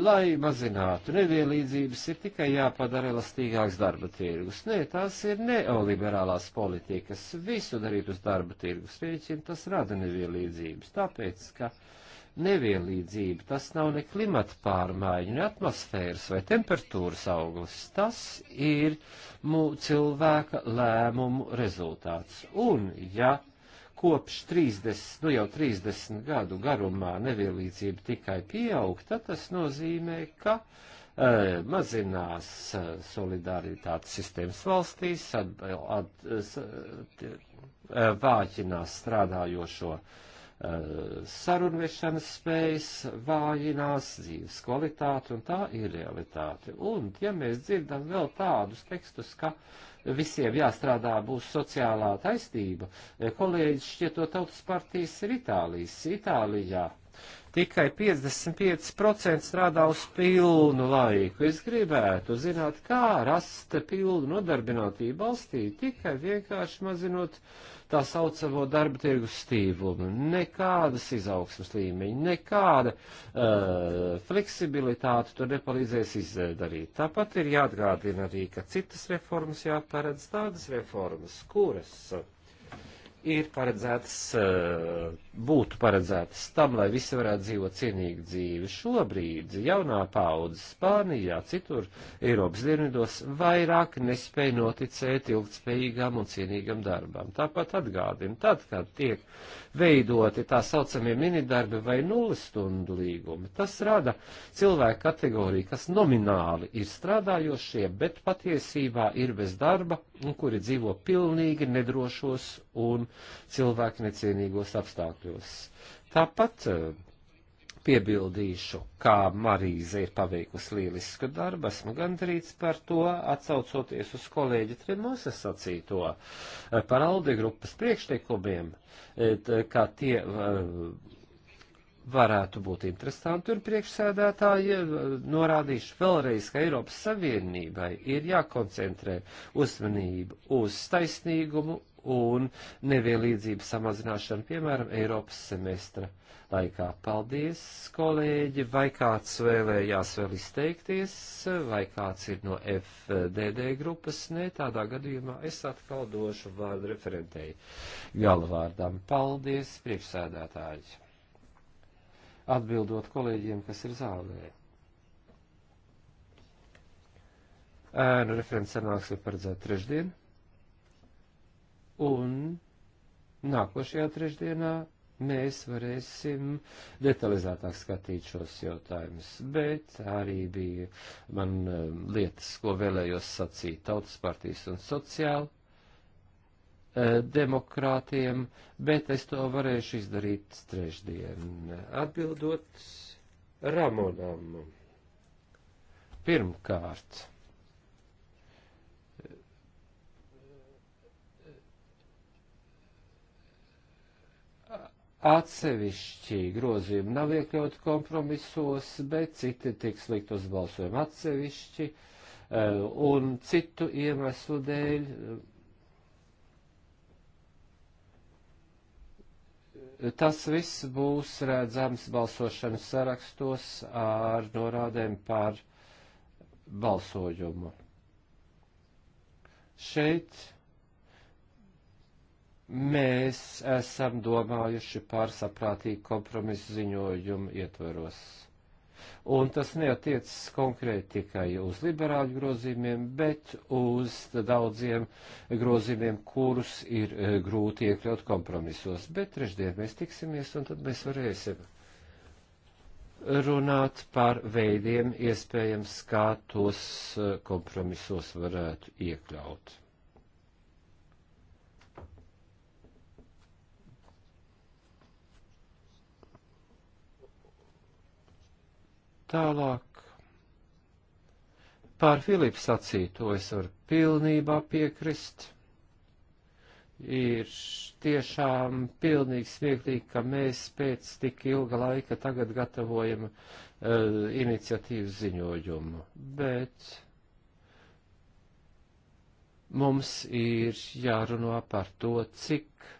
lai mazinātu nevienlīdzības, ir tikai jāpadara elastīgāks darba tirgus. Nē, tās ir neoliberālās politikas. Visu darīt uz darba tirgus rēķina, tas rada nevienlīdzības, tāpēc, ka nevienlīdzība. Tas nav ne klimata pārmaiņu, ne atmosfēras vai temperatūras auglis. Tas ir cilvēka lēmumu rezultāts. Un, ja kopš 30, nu jau 30 gadu garumā nevienlīdzība tikai pieaug, tad tas nozīmē, ka e, mazinās e, solidaritātes sistēmas valstīs, at, at, at, e, vāķinās strādājošo uh, Eh, sarunvešanas spējas vājinās dzīves kvalitāti, un tā ir realitāte. Un, ja mēs dzirdam vēl tādus tekstus, ka visiem jāstrādā būs sociālā taistība, eh, kolēģis šķieto tautas partijas ir Itālijas. Itālijā tikai 55% strādā uz pilnu laiku. Es gribētu zināt, kā rast pilnu nodarbinātību valstī, tikai vienkārši mazinot uh, tā saucamo darba tirgus stīvumu, nekādas izaugsmas līmeņa, nekāda uh, fleksibilitāte tur nepalīdzēs izdarīt. Tāpat ir jāatgādina arī, ka citas reformas jāparedz tādas reformas, kuras uh, ir paredzētas, eh, būtu paredzētas tam, lai visi varētu dzīvot cienīgu dzīvi. Šobrīd jaunā paudze Spānijā, citur Eiropas dienvidos vairāk nespēja noticēt ilgtspējīgām un cienīgam darbam. Tāpat atgādina, tad, kad tiek veidoti tā saucamie minidarbi vai nulles stundu līgumi, tas rada cilvēku kategoriju, kas nomināli ir strādājošie, bet patiesībā ir bez darba un kuri dzīvo pilnīgi nedrošos un cilvēku necienīgos apstākļos. Tāpat eh, piebildīšu, kā Marīze ir paveikusi lielisku darbu, esmu gandrīz par to, atsaucoties uz kolēģi Tremose sacīto eh, par Alde grupas priekšteikumiem, eh, kā tie varētu būt interesanti, un priekšsēdētāji norādīšu vēlreiz, ka Eiropas Savienībai ir jākoncentrē uzmanību uz taisnīgumu un nevienlīdzības samazināšanu, piemēram, Eiropas semestra laikā. Paldies, kolēģi! Vai kāds vēlējās vēl izteikties, vai kāds ir no FDD grupas? Nē, tādā gadījumā es atkal došu vārdu referentēji galvārdām. Paldies, priekšsēdētāji! Atbildot kolēģiem, kas ir zālē. Ēnu referents sanāks ir paredzēta trešdien un nākošajā trešdienā mēs varēsim detalizētāk skatīt šos jautājumus, bet arī bija man um, lietas, ko vēlējos sacīt tautas partijas un sociāli uh, demokrātiem, bet es to varēšu izdarīt trešdien. Atbildot Ramonam. Pirmkārt, Atsevišķi grozījumi nav iekļauti kompromisos, bet citi tiks likt uz balsojumu atsevišķi eh, un citu iemeslu dēļ. Eh, tas viss būs redzams balsošanas sarakstos ar norādēm par balsojumu. Šeit mēs esam domājuši par saprātīgu kompromisu ziņojumu ietveros. Un tas neatiecas konkrēti tikai uz liberāļu grozījumiem, bet uz daudziem grozījumiem, kurus ir eh, grūti iekļaut kompromisos. Bet trešdien mēs tiksimies, un tad mēs varēsim runāt par veidiem, iespējams, kā tos eh, kompromisos varētu iekļaut. Tālāk pār Filips sacīto es varu pilnībā piekrist. Ir tiešām pilnīgi smieklīgi, ka mēs pēc tik ilga laika tagad gatavojam uh, iniciatīvas ziņojumu, bet mums ir jārunā par to, cik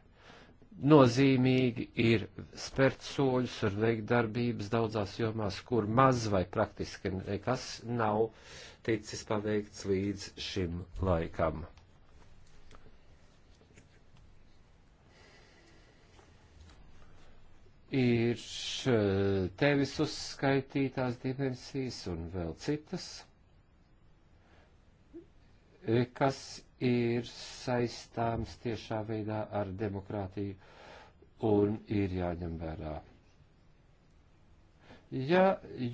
nozīmīgi ir spērt soļus un veikt darbības daudzās jomās, kur maz vai praktiski nekas nav ticis paveikts līdz šim laikam. Ir eh, tevis uzskaitītās dimensijas un vēl citas, eh, kas ir saistāms tiešā veidā ar demokrātiju un ir jāņem vērā. Ja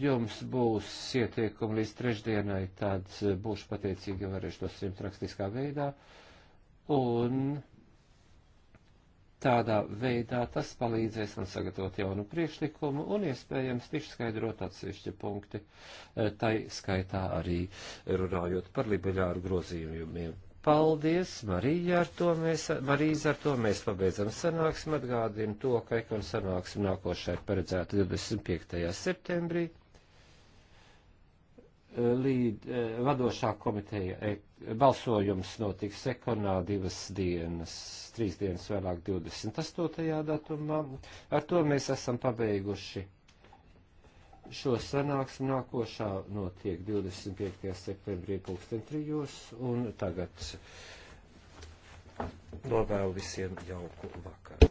jums būs ieteikumi līdz trešdienai, tad būšu pateicīgi, ja varēšu tos jums rakstiskā veidā. Un tādā veidā tas palīdzēs man sagatavot jaunu priekšlikumu un iespējams tieši skaidrot atsevišķi punkti, eh, tai skaitā arī runājot par liberāru grozījumiem. Paldies, Marija, ar to mēs, Marijas, ar to mēs pabeidzam sanāksmi, atgādinu to, ka ekon sanāksmi nākošai paredzēta 25. septembrī. E, līd, e, vadošā komiteja ek, balsojums notiks ekonā divas dienas, trīs dienas vēlāk 28. datumā. Ar to mēs esam pabeiguši šo sanāksmi nākošā notiek 25. septembrī 2003. un tagad novēlu visiem jauku vakaru.